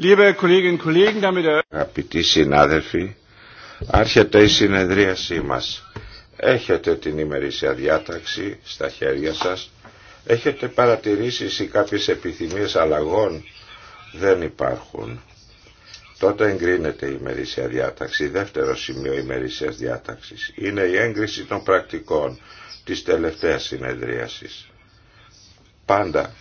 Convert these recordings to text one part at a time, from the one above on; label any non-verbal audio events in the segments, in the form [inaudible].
Er- Αγαπητοί συνάδελφοι, άρχεται η συνεδρίασή μας. Έχετε την ημερήσια διάταξη στα χέρια σας. Έχετε παρατηρήσεις ή κάποιες επιθυμίες αλλαγών. Δεν υπάρχουν. Τότε εγκρίνεται η ημερήσια διάταξη. Δεύτερο σημείο ημερήσιας διάταξης. Είναι η έγκριση των πρακτικών της τελευταίας συνεδρίασης. Πάντα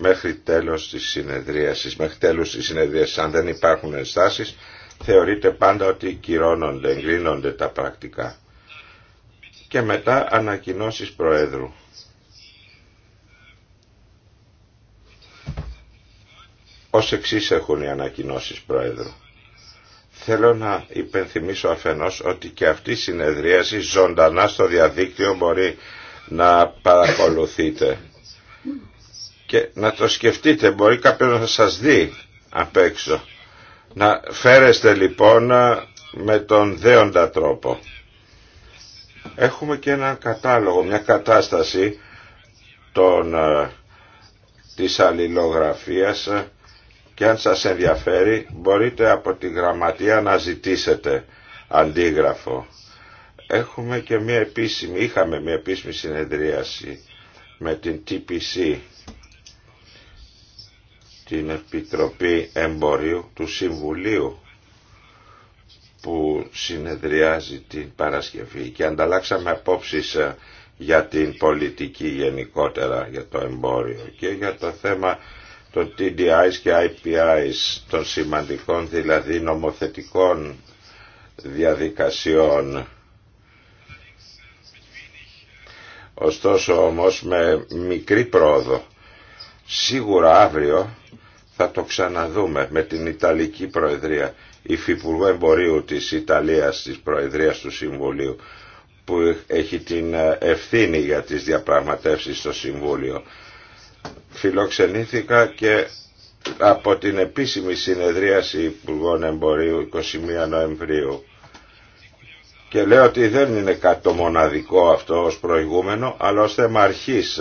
μέχρι τέλος της συνεδρίασης, μέχρι της συνεδρίασης, αν δεν υπάρχουν ενστάσεις, θεωρείται πάντα ότι κυρώνονται, εγκρίνονται τα πρακτικά. Και μετά ανακοινώσεις Προέδρου. Ως εξής έχουν οι ανακοινώσεις Προέδρου. Θέλω να υπενθυμίσω αφενός ότι και αυτή η συνεδρίαση ζωντανά στο διαδίκτυο μπορεί να παρακολουθείτε και να το σκεφτείτε μπορεί κάποιος να σας δει απ' έξω να φέρεστε λοιπόν με τον δέοντα τρόπο έχουμε και ένα κατάλογο μια κατάσταση των, της αλληλογραφίας και αν σας ενδιαφέρει μπορείτε από τη γραμματεία να ζητήσετε αντίγραφο έχουμε και μια επίσημη είχαμε μια επίσημη συνεδρίαση με την TPC την Επιτροπή Εμπορίου του Συμβουλίου που συνεδριάζει την Παρασκευή και ανταλλάξαμε απόψεις ε, για την πολιτική γενικότερα, για το εμπόριο και για το θέμα των TDIs και IPIs, των σημαντικών δηλαδή νομοθετικών διαδικασιών. Ωστόσο όμως με μικρή πρόοδο. Σίγουρα αύριο θα το ξαναδούμε με την Ιταλική Προεδρία, υφυπουργό εμπορίου της Ιταλίας, της Προεδρίας του Συμβουλίου, που έχει την ε, ευθύνη για τις διαπραγματεύσεις στο Συμβούλιο. Φιλοξενήθηκα και από την επίσημη συνεδρίαση Υπουργών Εμπορίου 21 Νοεμβρίου. Και λέω ότι δεν είναι κάτι το μοναδικό αυτό ως προηγούμενο, αλλά ως θέμα αρχής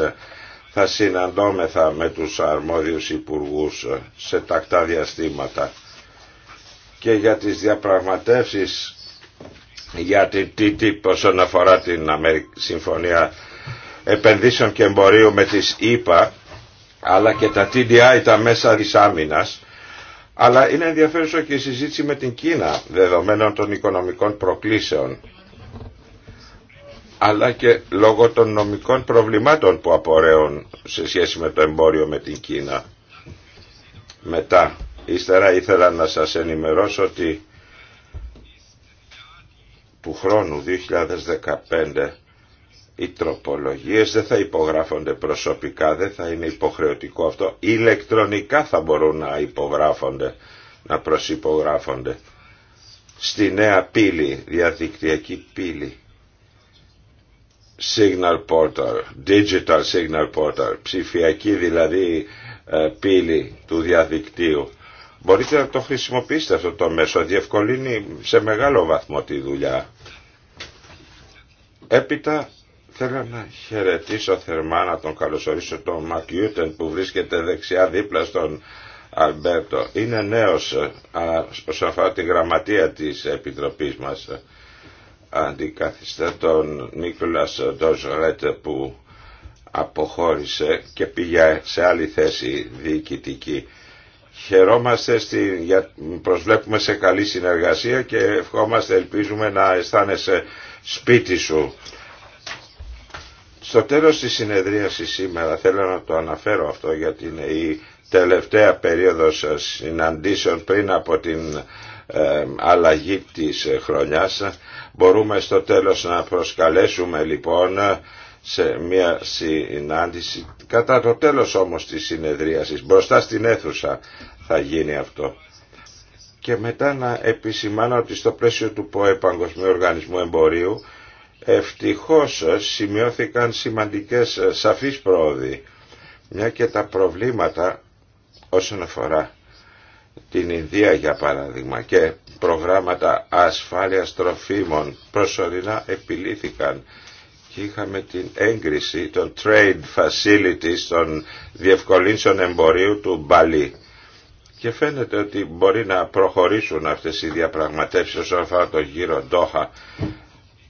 θα συναντώμεθα με τους αρμόδιους υπουργούς σε τακτά διαστήματα και για τις διαπραγματεύσεις για την TTIP όσον αφορά την Συμφωνία Επενδύσεων και Εμπορίου με τις ΗΠΑ αλλά και τα TDI τα μέσα της άμυνας αλλά είναι ενδιαφέρουσα και η συζήτηση με την Κίνα δεδομένων των οικονομικών προκλήσεων αλλά και λόγω των νομικών προβλημάτων που απορρέουν σε σχέση με το εμπόριο με την Κίνα. Μετά, ύστερα ήθελα να σας ενημερώσω ότι του χρόνου 2015 οι τροπολογίες δεν θα υπογράφονται προσωπικά, δεν θα είναι υποχρεωτικό αυτό. Ηλεκτρονικά θα μπορούν να υπογράφονται, να προσυπογράφονται στη νέα πύλη, διαδικτυακή πύλη Signal Portal, Digital Signal Portal, ψηφιακή δηλαδή ε, πύλη του διαδικτύου. Μπορείτε να το χρησιμοποιήσετε αυτό το μέσο, διευκολύνει σε μεγάλο βαθμό τη δουλειά. Έπειτα θέλω να χαιρετήσω θερμά να τον καλωσορίσω τον Μακ που βρίσκεται δεξιά δίπλα στον Αλμπέρτο. Είναι νέος ε, όσον αφορά τη γραμματεία της Επιτροπής μας αντικαθιστά τον Νίκολας Ντοζρέτ που αποχώρησε και πήγε σε άλλη θέση διοικητική. Χαιρόμαστε, για, προσβλέπουμε σε καλή συνεργασία και ευχόμαστε, ελπίζουμε να αισθάνεσαι σπίτι σου. Στο τέλος της συνεδρίασης σήμερα θέλω να το αναφέρω αυτό γιατί είναι η τελευταία περίοδος συναντήσεων πριν από την ε, αλλαγή της χρονιάς Μπορούμε στο τέλος να προσκαλέσουμε λοιπόν σε μια συνάντηση κατά το τέλος όμως της συνεδρίασης μπροστά στην αίθουσα θα γίνει αυτό και μετά να επισημάνω ότι στο πλαίσιο του ΠΟΕ Παγκοσμίου Οργανισμού Εμπορίου ευτυχώς σημειώθηκαν σημαντικές σαφείς πρόοδοι μια και τα προβλήματα όσον αφορά την Ινδία για παράδειγμα και προγράμματα ασφάλειας τροφίμων προσωρινά επιλήθηκαν και είχαμε την έγκριση των trade facilities των διευκολύνσεων εμπορίου του Μπαλί. Και φαίνεται ότι μπορεί να προχωρήσουν αυτές οι διαπραγματεύσεις όσον αφορά το γύρο Ντόχα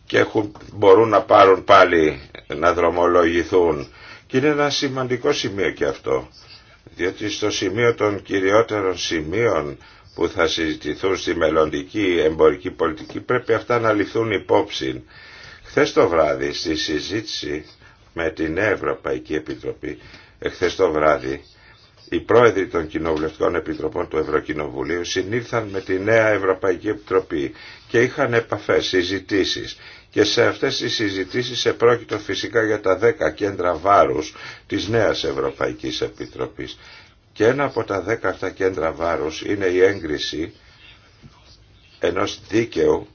και έχουν, μπορούν να πάρουν πάλι να δρομολογηθούν. Και είναι ένα σημαντικό σημείο και αυτό, διότι στο σημείο των κυριότερων σημείων που θα συζητηθούν στη μελλοντική εμπορική πολιτική πρέπει αυτά να ληφθούν υπόψη. Χθες το βράδυ στη συζήτηση με την Ευρωπαϊκή Επιτροπή, χθες το βράδυ, οι πρόεδροι των κοινοβουλευτικών επιτροπών του Ευρωκοινοβουλίου συνήλθαν με τη νέα Ευρωπαϊκή Επιτροπή και είχαν επαφές, συζητήσεις. Και σε αυτές τις συζητήσεις επρόκειτο φυσικά για τα 10 κέντρα βάρους της νέας Ευρωπαϊκής Επιτροπής. Και ένα από τα δέκα αυτά κέντρα βάρους είναι η έγκριση ενός δίκαιου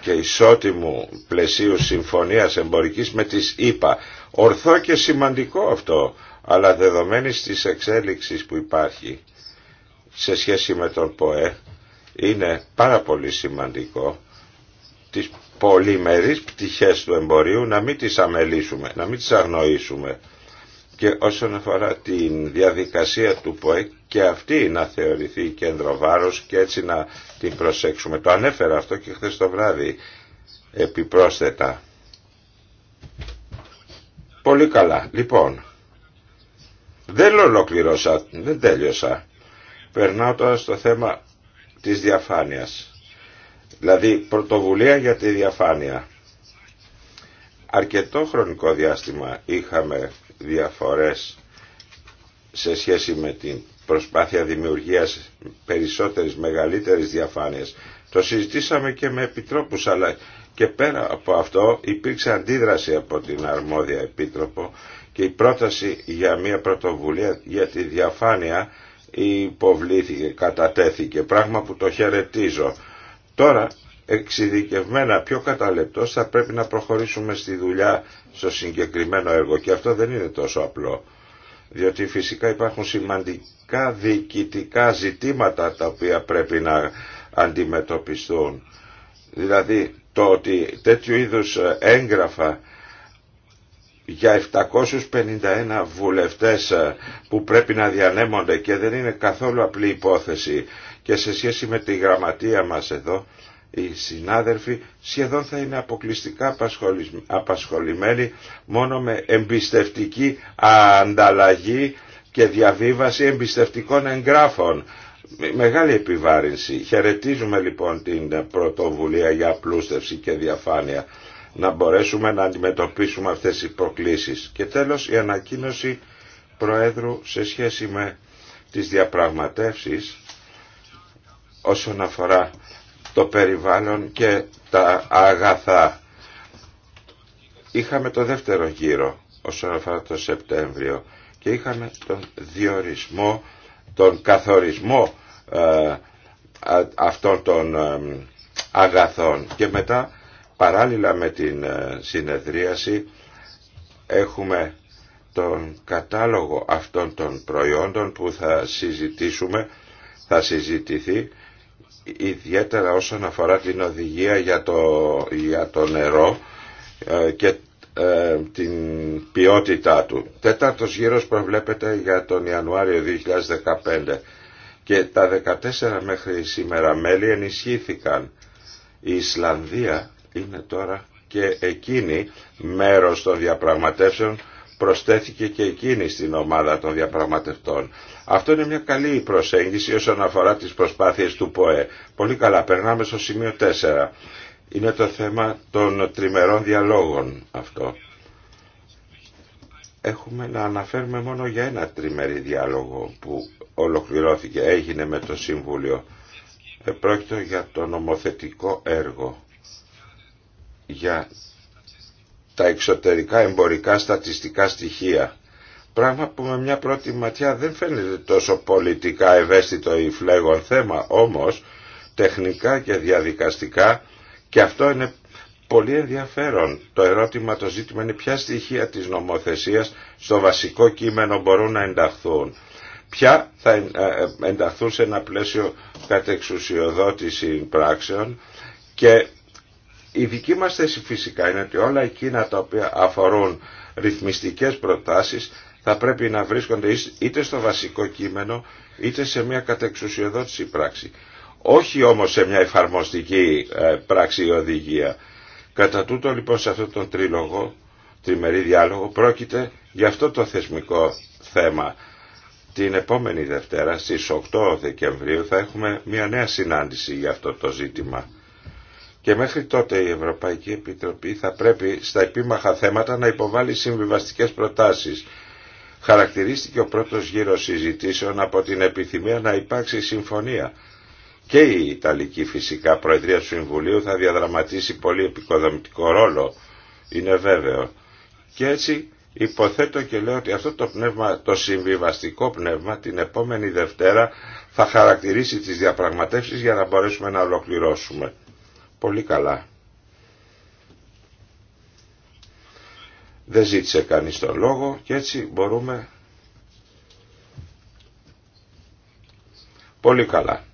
και ισότιμου πλαισίου συμφωνίας εμπορικής με τις ίπα. Ορθό και σημαντικό αυτό, αλλά δεδομένης της εξέλιξης που υπάρχει σε σχέση με τον ΠΟΕ, είναι πάρα πολύ σημαντικό τις πολυμερείς πτυχές του εμπορίου να μην τις αμελήσουμε, να μην τις αγνοήσουμε και όσον αφορά την διαδικασία του ΠΟΕΚ και αυτή να θεωρηθεί κέντρο βάρος και έτσι να την προσέξουμε. Το ανέφερα αυτό και χθες το βράδυ επιπρόσθετα. Πολύ καλά. Λοιπόν, δεν ολοκληρώσα, δεν τέλειωσα. Περνάω τώρα στο θέμα της διαφάνειας. Δηλαδή πρωτοβουλία για τη διαφάνεια. Αρκετό χρονικό διάστημα είχαμε διαφορές σε σχέση με την προσπάθεια δημιουργίας περισσότερης, μεγαλύτερης διαφάνειας. Το συζητήσαμε και με επιτρόπους, αλλά και πέρα από αυτό υπήρξε αντίδραση από την αρμόδια επίτροπο και η πρόταση για μια πρωτοβουλία για τη διαφάνεια υποβλήθηκε, κατατέθηκε, πράγμα που το χαιρετίζω. Τώρα εξειδικευμένα, πιο καταλεπτός θα πρέπει να προχωρήσουμε στη δουλειά στο συγκεκριμένο έργο και αυτό δεν είναι τόσο απλό διότι φυσικά υπάρχουν σημαντικά διοικητικά ζητήματα τα οποία πρέπει να αντιμετωπιστούν. Δηλαδή το ότι τέτοιου είδους έγγραφα για 751 βουλευτές που πρέπει να διανέμονται και δεν είναι καθόλου απλή υπόθεση και σε σχέση με τη γραμματεία μας εδώ οι συνάδελφοι σχεδόν θα είναι αποκλειστικά απασχολημένοι μόνο με εμπιστευτική ανταλλαγή και διαβίβαση εμπιστευτικών εγγράφων. Μεγάλη επιβάρυνση. Χαιρετίζουμε λοιπόν την πρωτοβουλία για απλούστευση και διαφάνεια να μπορέσουμε να αντιμετωπίσουμε αυτές τις προκλήσεις. Και τέλος η ανακοίνωση Προέδρου σε σχέση με τις διαπραγματεύσεις όσον αφορά το περιβάλλον και τα αγαθά. Είχαμε το δεύτερο γύρο όσον αφορά το Σεπτέμβριο και είχαμε τον διορισμό, τον καθορισμό ε, αυτών των ε, αγαθών και μετά παράλληλα με την ε, συνεδρίαση έχουμε τον κατάλογο αυτών των προϊόντων που θα συζητήσουμε, θα συζητηθεί ιδιαίτερα όσον αφορά την οδηγία για το, για το νερό ε, και ε, την ποιότητά του. Τέταρτος γύρος προβλέπεται για τον Ιανουάριο 2015 και τα 14 μέχρι σήμερα μέλη ενισχύθηκαν. Η Ισλανδία είναι τώρα και εκείνη μέρος των διαπραγματεύσεων προσθέθηκε και εκείνη στην ομάδα των διαπραγματευτών. Αυτό είναι μια καλή προσέγγιση όσον αφορά τις προσπάθειες του ΠΟΕ. Πολύ καλά, περνάμε στο σημείο 4. Είναι το θέμα των τριμερών διαλόγων αυτό. Έχουμε να αναφέρουμε μόνο για ένα τριμερή διάλογο που ολοκληρώθηκε, έγινε με το Συμβούλιο. Ε, πρόκειται για το νομοθετικό έργο για τα εξωτερικά εμπορικά στατιστικά στοιχεία. Πράγμα που με μια πρώτη ματιά δεν φαίνεται τόσο πολιτικά ευαίσθητο ή φλέγον θέμα, όμως τεχνικά και διαδικαστικά και αυτό είναι πολύ ενδιαφέρον. Το ερώτημα, το ζήτημα είναι ποια στοιχεία της νομοθεσίας στο βασικό κείμενο μπορούν να ενταχθούν. Ποια θα ε, ε, ενταχθούν σε ένα πλαίσιο κατεξουσιοδότηση πράξεων και η δική μας θέση φυσικά είναι ότι όλα εκείνα τα οποία αφορούν ρυθμιστικές προτάσεις θα πρέπει να βρίσκονται είτε στο βασικό κείμενο είτε σε μια κατεξουσιοδότηση πράξη. Όχι όμως σε μια εφαρμοστική ε, πράξη ή οδηγία. Κατά τούτο λοιπόν σε αυτόν τον τρίλογο, τριμερή διάλογο, πρόκειται για αυτό το θεσμικό θέμα. Την επόμενη Δευτέρα στις 8 Δεκεμβρίου θα έχουμε μια νέα συνάντηση για αυτό το ζήτημα. Και μέχρι τότε η Ευρωπαϊκή Επιτροπή θα πρέπει στα επίμαχα θέματα να υποβάλει συμβιβαστικές προτάσεις. Χαρακτηρίστηκε ο πρώτος γύρος συζητήσεων από την επιθυμία να υπάρξει συμφωνία. Και η Ιταλική φυσικά Προεδρία του Συμβουλίου θα διαδραματίσει πολύ επικοδομητικό ρόλο, είναι βέβαιο. Και έτσι υποθέτω και λέω ότι αυτό το πνεύμα, το συμβιβαστικό πνεύμα την επόμενη Δευτέρα θα χαρακτηρίσει τις διαπραγματεύσεις για να μπορέσουμε να ολοκληρώσουμε πολύ καλά. Δεν ζήτησε κανείς τον λόγο και έτσι μπορούμε πολύ καλά.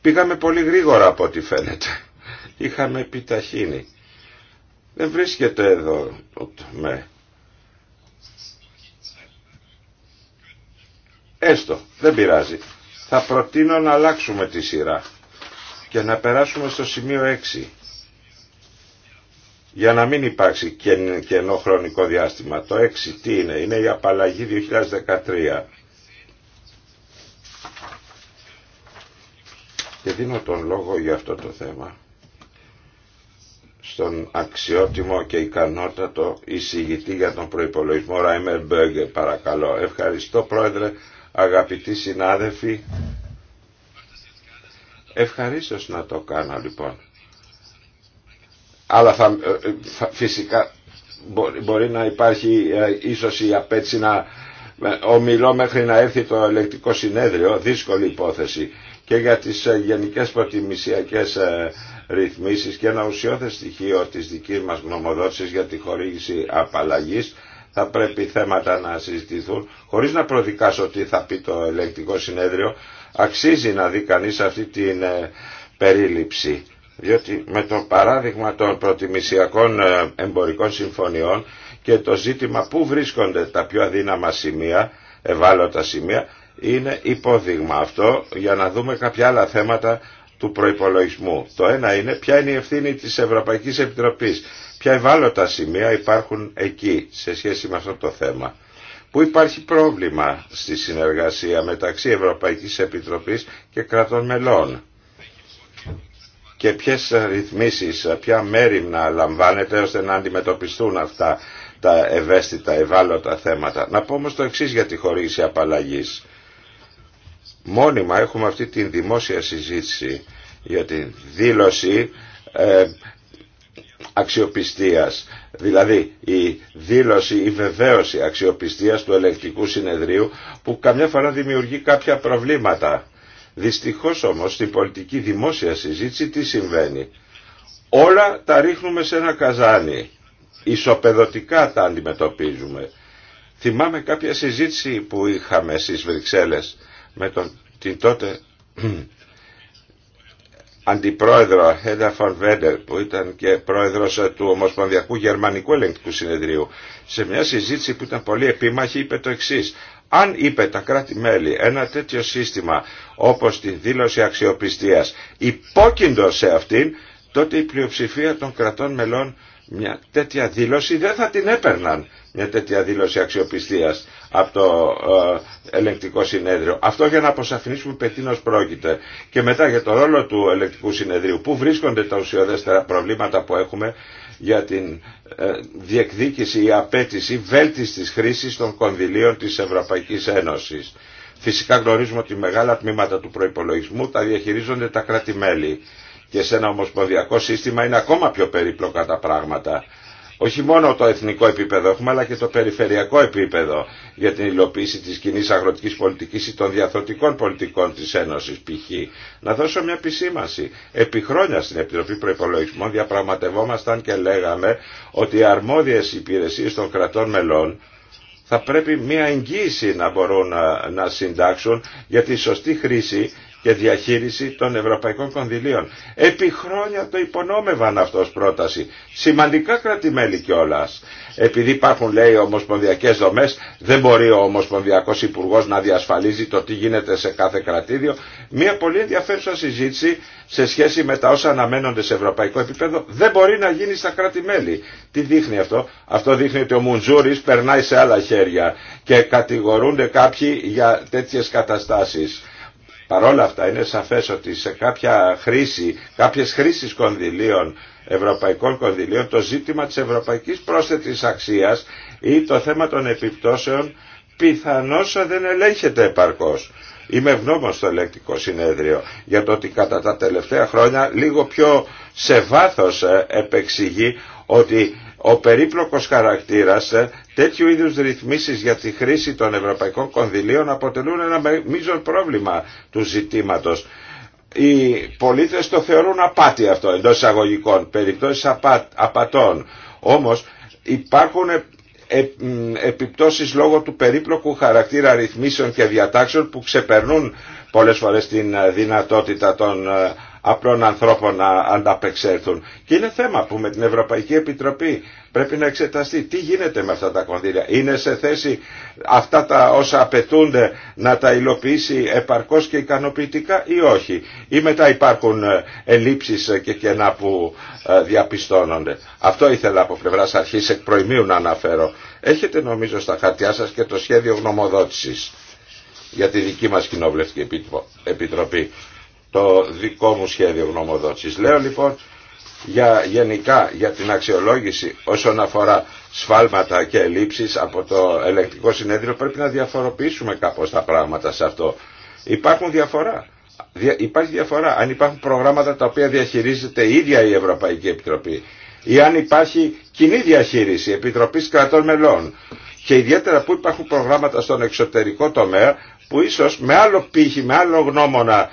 Πήγαμε πολύ γρήγορα από ό,τι φαίνεται. Είχαμε επιταχύνει. Δεν βρίσκεται εδώ με. Έστω, δεν πειράζει. Θα προτείνω να αλλάξουμε τη σειρά. Και να περάσουμε στο σημείο 6 για να μην υπάρξει κενό χρονικό διάστημα. Το 6 τι είναι, είναι η απαλλαγή 2013. Και δίνω τον λόγο για αυτό το θέμα στον αξιότιμο και ικανότατο εισηγητή για τον προϋπολογισμό Ράιμερ Μπέγκε, παρακαλώ. Ευχαριστώ πρόεδρε, αγαπητοί συνάδελφοι, Ευχαρίστως να το κάνω λοιπόν. Αλλά ε, φυσικά μπορεί, να υπάρχει ε, ίσως η απέτηση να ε, ομιλώ μέχρι να έρθει το ελεκτικό συνέδριο, δύσκολη υπόθεση και για τις γενικές προτιμησιακές ρυθμίσεις και ένα ουσιώδες στοιχείο της δικής μας γνωμοδότησης για τη χορήγηση απαλλαγής θα πρέπει θέματα να συζητηθούν, χωρίς να προδικάσω τι θα πει το ελεγκτικό συνέδριο, αξίζει να δει κανείς αυτή την ε, περίληψη. Διότι με το παράδειγμα των προτιμησιακών ε, εμπορικών συμφωνιών και το ζήτημα που βρίσκονται τα πιο αδύναμα σημεία, ευάλωτα σημεία, είναι υπόδειγμα αυτό για να δούμε κάποια άλλα θέματα του προϋπολογισμού. Το ένα είναι ποια είναι η ευθύνη της Ευρωπαϊκής Επιτροπής ποια ευάλωτα σημεία υπάρχουν εκεί σε σχέση με αυτό το θέμα. Πού υπάρχει πρόβλημα στη συνεργασία μεταξύ Ευρωπαϊκής Επιτροπής και κρατών μελών και ποιες ρυθμίσεις, ποια μέρη να λαμβάνεται ώστε να αντιμετωπιστούν αυτά τα ευαίσθητα, ευάλωτα θέματα. Να πω όμως το εξής για τη χορήγηση απαλλαγής. Μόνιμα έχουμε αυτή την δημόσια συζήτηση για τη δήλωση ε, αξιοπιστίας, δηλαδή η δήλωση, η βεβαίωση αξιοπιστίας του ελεκτικού συνεδρίου που καμιά φορά δημιουργεί κάποια προβλήματα. Δυστυχώς όμως στην πολιτική δημόσια συζήτηση τι συμβαίνει. Όλα τα ρίχνουμε σε ένα καζάνι. Ισοπεδωτικά τα αντιμετωπίζουμε. Θυμάμαι κάποια συζήτηση που είχαμε στις Βρυξέλλες με τον, την τότε αντιπρόεδρο Χέντα Φαρβέντερ που ήταν και πρόεδρος του Ομοσπονδιακού Γερμανικού Ελεγκτικού Συνεδρίου σε μια συζήτηση που ήταν πολύ επίμαχη είπε το εξή. αν είπε τα κράτη-μέλη ένα τέτοιο σύστημα όπως τη δήλωση αξιοπιστίας υπόκειντο σε αυτήν τότε η πλειοψηφία των κρατών μελών μια τέτοια δήλωση δεν θα την έπαιρναν μια τέτοια δήλωση αξιοπιστίας από το ε, ελεκτικό συνέδριο. Αυτό για να αποσαφηνίσουμε πετίνος πρόκειται. Και μετά για το ρόλο του ελεκτικού συνεδρίου. Πού βρίσκονται τα ουσιοδέστερα προβλήματα που έχουμε για την ε, διεκδίκηση ή απέτηση βέλτιστης χρήσης των κονδυλίων της Ευρωπαϊκής Ένωσης. Φυσικά γνωρίζουμε ότι μεγάλα τμήματα του προϋπολογισμού τα διαχειρίζονται τα κράτη-μέλη και σε ένα ομοσπονδιακό σύστημα είναι ακόμα πιο περίπλοκα τα πράγματα όχι μόνο το εθνικό επίπεδο έχουμε αλλά και το περιφερειακό επίπεδο για την υλοποίηση της κοινή αγροτικής πολιτικής ή των διαθροτικών πολιτικών της Ένωσης π.χ. Να δώσω μια επισήμανση. Επί χρόνια στην Επιτροπή Προϋπολογισμών διαπραγματευόμασταν και λέγαμε ότι οι αρμόδιες υπηρεσίες των κρατών μελών θα πρέπει μια εγγύηση να μπορούν να, να συντάξουν για τη σωστή χρήση και διαχείριση των ευρωπαϊκών κονδυλίων. Επί χρόνια το υπονόμευαν αυτό ως πρόταση. Σημαντικά κρατημέλη κιόλα. Επειδή υπάρχουν λέει ομοσπονδιακές δομές, δεν μπορεί ο ομοσπονδιακός υπουργό να διασφαλίζει το τι γίνεται σε κάθε κρατήδιο. Μία πολύ ενδιαφέρουσα συζήτηση σε σχέση με τα όσα αναμένονται σε ευρωπαϊκό επίπεδο δεν μπορεί να γίνει στα κρατημέλη. Τι δείχνει αυτό. Αυτό δείχνει ότι ο Μουντζούρης περνάει σε άλλα χέρια και κατηγορούνται κάποιοι για τέτοιες καταστάσεις. Παρόλα αυτά είναι σαφές ότι σε κάποια χρήση, κάποιες χρήσεις κονδυλίων, ευρωπαϊκών κονδυλίων, το ζήτημα της ευρωπαϊκής πρόσθετης αξίας ή το θέμα των επιπτώσεων πιθανώς δεν ελέγχεται επαρκώς. Είμαι ευγνώμων στο ελεκτικό συνέδριο για το ότι κατά τα τελευταία χρόνια λίγο πιο σε βάθος ε, επεξηγεί ότι ο περίπλοκος χαρακτήρας ε, Τέτοιου είδους ρυθμίσεις για τη χρήση των ευρωπαϊκών κονδυλίων αποτελούν ένα μείζον πρόβλημα του ζητήματος. Οι πολίτες το θεωρούν απάτη αυτό εντός εισαγωγικών, περιπτώσεις απατών. Όμως υπάρχουν επιπτώσεις λόγω του περίπλοκου χαρακτήρα ρυθμίσεων και διατάξεων που ξεπερνούν πολλές φορές την ε, δυνατότητα των ε, απλών ανθρώπων να ανταπεξέλθουν. Και είναι θέμα που με την Ευρωπαϊκή Επιτροπή πρέπει να εξεταστεί τι γίνεται με αυτά τα κονδύλια. Είναι σε θέση αυτά τα όσα απαιτούνται να τα υλοποιήσει επαρκώς και ικανοποιητικά ή όχι. Ή μετά υπάρχουν ε, ελλείψεις ε, και κενά που ε, διαπιστώνονται. Αυτό ήθελα από πλευρά αρχής εκ προημίου να αναφέρω. Έχετε νομίζω στα χαρτιά σας και το σχέδιο γνωμοδότησης για τη δική μας Κοινοβουλευτική Επιτροπή το δικό μου σχέδιο γνωμοδότησης. Λέω λοιπόν για, γενικά για την αξιολόγηση όσον αφορά σφάλματα και ελλείψεις από το ελεκτικό συνέδριο πρέπει να διαφοροποιήσουμε κάπως τα πράγματα σε αυτό. Υπάρχουν διαφορά. Υπάρχει διαφορά αν υπάρχουν προγράμματα τα οποία διαχειρίζεται η ίδια η Ευρωπαϊκή Επιτροπή ή αν υπάρχει κοινή διαχείριση Επιτροπής Κρατών Μελών και ιδιαίτερα που υπάρχουν προγράμματα στον εξωτερικό τομέα που ίσως με άλλο πύχη, με άλλο γνώμονα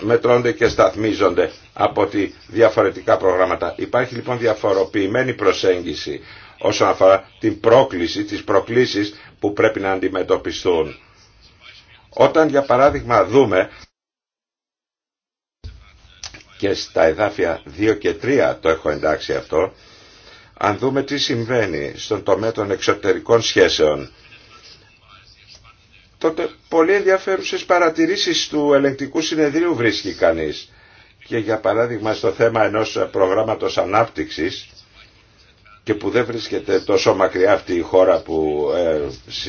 μετρώνται και σταθμίζονται από τη διαφορετικά προγράμματα. Υπάρχει λοιπόν διαφοροποιημένη προσέγγιση όσον αφορά την πρόκληση, τις προκλήσεις που πρέπει να αντιμετωπιστούν. Όταν για παράδειγμα δούμε και στα εδάφια 2 και 3 το έχω εντάξει αυτό, αν δούμε τι συμβαίνει στον τομέα των εξωτερικών σχέσεων τότε πολύ ενδιαφέρουσες παρατηρήσεις του ελεγκτικού συνεδρίου βρίσκει κανείς. Και για παράδειγμα στο θέμα ενός προγράμματος ανάπτυξης και που δεν βρίσκεται τόσο μακριά αυτή η χώρα που ε,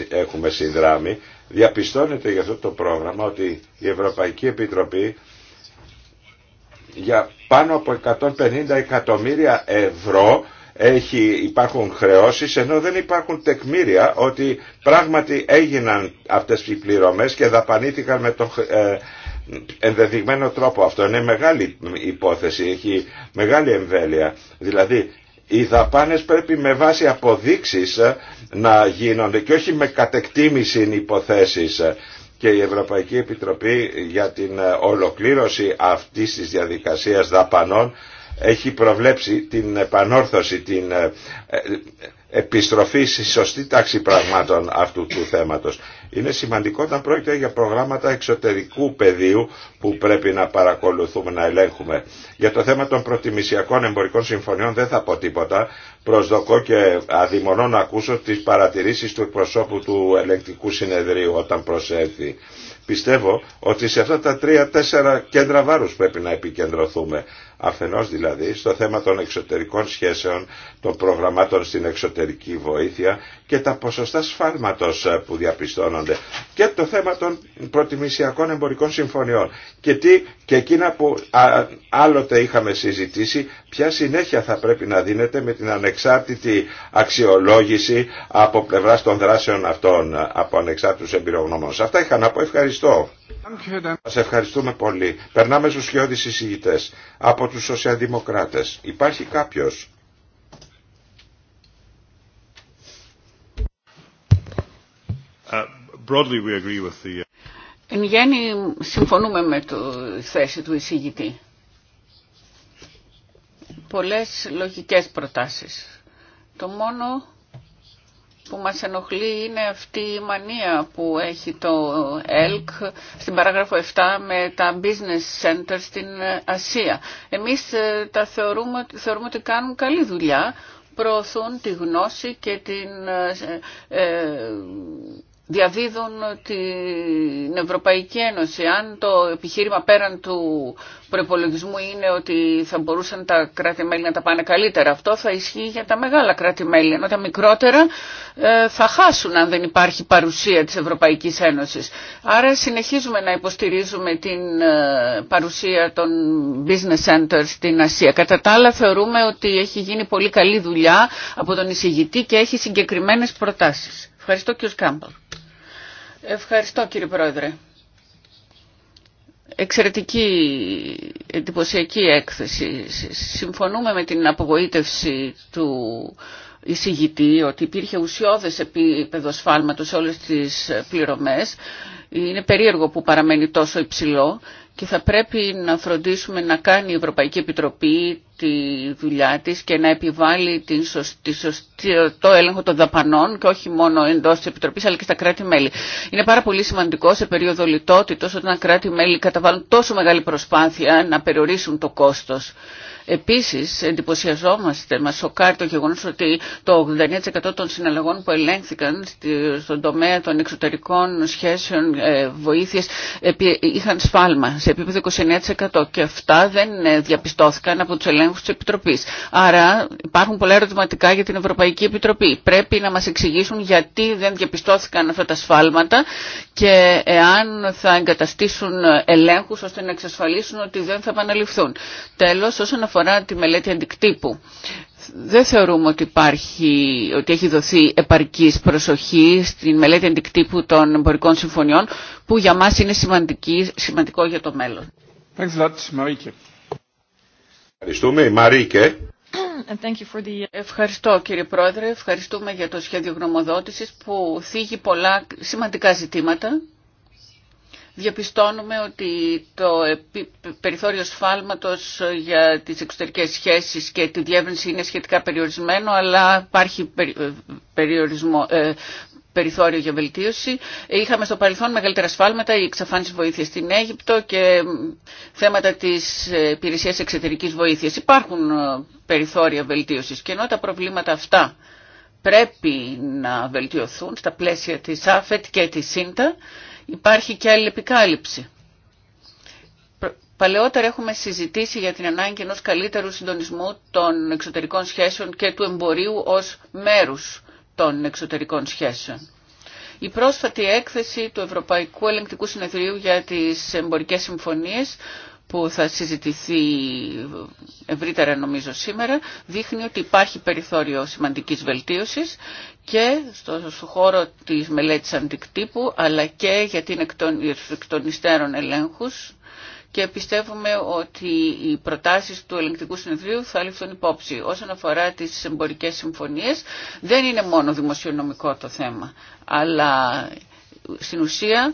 έχουμε συνδράμει, διαπιστώνεται για αυτό το πρόγραμμα ότι η Ευρωπαϊκή Επιτροπή για πάνω από 150 εκατομμύρια ευρώ έχει, υπάρχουν χρεώσεις ενώ δεν υπάρχουν τεκμήρια ότι πράγματι έγιναν αυτές οι πληρωμές και δαπανήθηκαν με τον ε, ενδεδειγμένο τρόπο. Αυτό είναι μεγάλη υπόθεση, έχει μεγάλη εμβέλεια. Δηλαδή οι δαπάνες πρέπει με βάση αποδείξεις ε, να γίνονται και όχι με κατεκτήμηση υποθέσεις και η Ευρωπαϊκή Επιτροπή για την ε, ολοκλήρωση αυτής της διαδικασίας δαπανών έχει προβλέψει την επανόρθωση, την ε, ε, επιστροφή στη σωστή τάξη πραγμάτων αυτού του θέματος. Είναι σημαντικό όταν πρόκειται για προγράμματα εξωτερικού πεδίου που πρέπει να παρακολουθούμε, να ελέγχουμε. Για το θέμα των προτιμησιακών εμπορικών συμφωνιών δεν θα πω τίποτα. Προσδοκώ και αδειμονώ να ακούσω τις παρατηρήσεις του εκπροσώπου του ελεγκτικού συνεδρίου όταν προσέλθει. Πιστεύω ότι σε αυτά τα τρία-τέσσερα κέντρα βάρους πρέπει να επικεντρωθούμε. Αφενός δηλαδή στο θέμα των εξωτερικών σχέσεων, των προγραμμάτων στην εξωτερική βοήθεια και τα ποσοστά σφάλματος ε, που διαπιστώνονται και το θέμα των προτιμησιακών εμπορικών συμφωνιών και, τι, και εκείνα που άλλοτε είχαμε συζητήσει ποια συνέχεια θα πρέπει να δίνεται με την ανεξάρτητη αξιολόγηση από πλευράς των δράσεων αυτών ε, από ανεξάρτητους εμπειρογνώμων. Αυτά είχα να πω. Ευχαριστώ. Σας ευχαριστούμε πολύ. Περνάμε στους χιώδεις εισηγητές. Από τους σοσιαλδημοκράτες. Υπάρχει κάποιος. Uh, uh, Εν γέννη συμφωνούμε με τη θέση του εισηγητή. Πολλές λογικές προτάσεις. Το μόνο που μας ενοχλεί είναι αυτή η μανία που έχει το ΕΛΚ στην παράγραφο 7 με τα business centers στην Ασία. Εμείς ε, τα θεωρούμε, θεωρούμε ότι κάνουν καλή δουλειά, προωθούν τη γνώση και την ε, ε, διαδίδουν την Ευρωπαϊκή Ένωση. Αν το επιχείρημα πέραν του προπολογισμού είναι ότι θα μπορούσαν τα κράτη-μέλη να τα πάνε καλύτερα, αυτό θα ισχύει για τα μεγάλα κράτη-μέλη, ενώ τα μικρότερα ε, θα χάσουν αν δεν υπάρχει παρουσία της Ευρωπαϊκής Ένωσης. Άρα συνεχίζουμε να υποστηρίζουμε την ε, παρουσία των business centers στην Ασία. Κατά τα άλλα θεωρούμε ότι έχει γίνει πολύ καλή δουλειά από τον εισηγητή και έχει συγκεκριμένες προτάσεις. Ευχαριστώ κύριο Κάμπαλ. Ευχαριστώ κύριε Πρόεδρε. Εξαιρετική, εντυπωσιακή έκθεση. Συμφωνούμε με την απογοήτευση του εισηγητή ότι υπήρχε ουσιώδες επίπεδο σφάλματος σε όλες τις πληρωμές. Είναι περίεργο που παραμένει τόσο υψηλό και θα πρέπει να φροντίσουμε να κάνει η Ευρωπαϊκή Επιτροπή τη δουλειά της και να επιβάλλει την σωστή, σωστή, το έλεγχο των δαπανών και όχι μόνο εντός της Επιτροπής αλλά και στα κράτη-μέλη. Είναι πάρα πολύ σημαντικό σε περίοδο λιτότητος όταν κράτη-μέλη καταβάλουν τόσο μεγάλη προσπάθεια να περιορίσουν το κόστος. Επίσης εντυπωσιαζόμαστε, μας σοκάρει το γεγονός ότι το 89% των συναλλαγών που ελέγχθηκαν στον τομέα των εξωτερικών σχέσεων ε, βοήθειας είχαν σφάλμα σε επίπεδο 29% και αυτά δεν ε, διαπιστώθηκαν από τους ελέγχους της Επιτροπής. Άρα υπάρχουν πολλά ερωτηματικά για την Ευρωπαϊκή Επιτροπή. Πρέπει να μας εξηγήσουν γιατί δεν διαπιστώθηκαν αυτά τα σφάλματα και εάν θα εγκαταστήσουν ελέγχους ώστε να εξασφαλίσουν ότι δεν θα επαναληφθούν. Τέλος, όσον αφορά αφορά τη μελέτη αντικτύπου. Δεν θεωρούμε ότι, υπάρχει, ότι έχει δοθεί επαρκής προσοχή στην μελέτη αντικτύπου των εμπορικών συμφωνιών, που για μας είναι σημαντική, σημαντικό για το μέλλον. Ευχαριστούμε, Μαρίκε. Ευχαριστώ κύριε Πρόεδρε, ευχαριστούμε για το σχέδιο γνωμοδότησης που θίγει πολλά σημαντικά ζητήματα διαπιστώνουμε ότι το περιθώριο σφάλματος για τις εξωτερικές σχέσεις και τη διεύρυνση είναι σχετικά περιορισμένο, αλλά υπάρχει ε, περιορισμό, ε, περιθώριο για βελτίωση. Είχαμε στο παρελθόν μεγαλύτερα σφάλματα, η εξαφάνιση βοήθεια στην Αίγυπτο και θέματα της υπηρεσία εξωτερικής βοήθειας. Υπάρχουν ε, περιθώρια βελτίωσης και ενώ τα προβλήματα αυτά πρέπει να βελτιωθούν στα πλαίσια της ΑΦΕΤ και της ΣΥΝΤΑ, υπάρχει και άλλη επικάλυψη. Παλαιότερα έχουμε συζητήσει για την ανάγκη ενός καλύτερου συντονισμού των εξωτερικών σχέσεων και του εμπορίου ως μέρους των εξωτερικών σχέσεων. Η πρόσφατη έκθεση του Ευρωπαϊκού Ελεγκτικού Συνεδρίου για τις εμπορικές συμφωνίες που θα συζητηθεί ευρύτερα νομίζω σήμερα, δείχνει ότι υπάρχει περιθώριο σημαντικής βελτίωσης και στο χώρο της μελέτης αντικτύπου, αλλά και για την εκτονιστέρων των ελέγχους και πιστεύουμε ότι οι προτάσεις του ελεγκτικού συνεδρίου θα ληφθούν υπόψη. Όσον αφορά τις εμπορικές συμφωνίες, δεν είναι μόνο δημοσιονομικό το θέμα, αλλά στην ουσία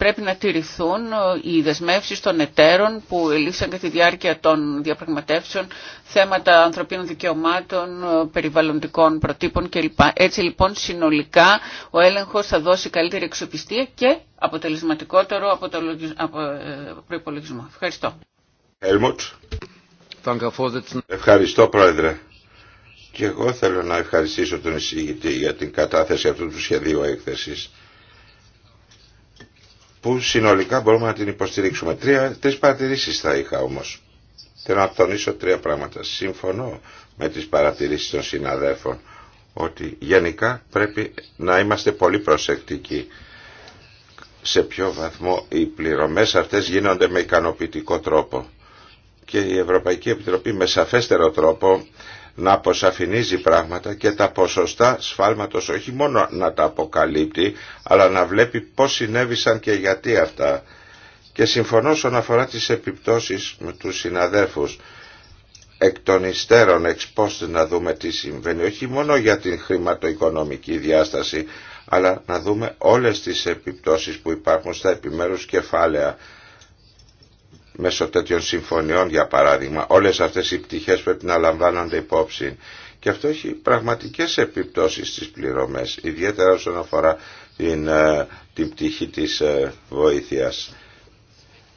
πρέπει να τηρηθούν ε, οι δεσμεύσει των εταίρων που ελήφθησαν κατά τη διάρκεια των διαπραγματεύσεων θέματα ανθρωπίνων δικαιωμάτων, ε, περιβαλλοντικών προτύπων κλπ. Έτσι λοιπόν συνολικά ο έλεγχος θα δώσει καλύτερη εξοπιστία και αποτελεσματικότερο από ε, προπολογισμό. Ευχαριστώ. Ευχαριστώ Πρόεδρε. Και εγώ θέλω να ευχαριστήσω τον εισηγητή για την κατάθεση αυτού του σχεδίου έκθεσης που συνολικά μπορούμε να την υποστηρίξουμε. Τρία, τρεις παρατηρήσεις θα είχα όμως. Θέλω να τονίσω τρία πράγματα. Συμφωνώ με τις παρατηρήσεις των συναδέλφων ότι γενικά πρέπει να είμαστε πολύ προσεκτικοί σε ποιο βαθμό οι πληρωμές αυτές γίνονται με ικανοποιητικό τρόπο. Και η Ευρωπαϊκή Επιτροπή με σαφέστερο τρόπο να αποσαφηνίζει πράγματα και τα ποσοστά σφάλματος όχι μόνο να τα αποκαλύπτει, αλλά να βλέπει πώς συνέβησαν και γιατί αυτά. Και συμφωνώ όσον αφορά τις επιπτώσεις με τους συναδέρφους εκ των υστέρων να δούμε τι συμβαίνει, όχι μόνο για την χρηματοοικονομική διάσταση, αλλά να δούμε όλες τις επιπτώσεις που υπάρχουν στα επιμέρους κεφάλαια μέσω τέτοιων συμφωνιών για παράδειγμα. Όλες αυτές οι πτυχές πρέπει να λαμβάνονται υπόψη. Και αυτό έχει πραγματικές επιπτώσεις στις πληρωμές, ιδιαίτερα όσον αφορά την, ε, την πτυχή της ε, βοήθειας.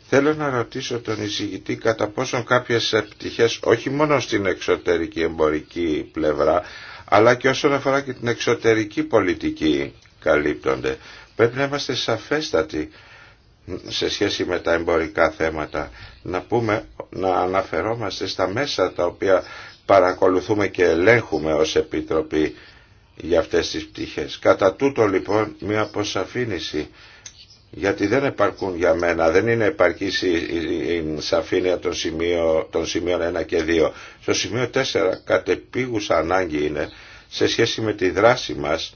Θέλω να ρωτήσω τον εισηγητή κατά πόσον κάποιες ε, πτυχές όχι μόνο στην εξωτερική εμπορική πλευρά αλλά και όσον αφορά και την εξωτερική πολιτική καλύπτονται. Πρέπει να είμαστε σαφέστατοι σε σχέση με τα εμπορικά θέματα. Να πούμε, να αναφερόμαστε στα μέσα τα οποία παρακολουθούμε και ελέγχουμε ως Επιτροπή για αυτές τις πτυχές. Κατά τούτο λοιπόν μια αποσαφήνιση γιατί δεν επαρκούν για μένα, δεν είναι επαρκή η σαφήνεια των, σημείο, των σημείων 1 και 2. Στο σημείο 4 κατεπίγουσα ανάγκη είναι σε σχέση με τη δράση μας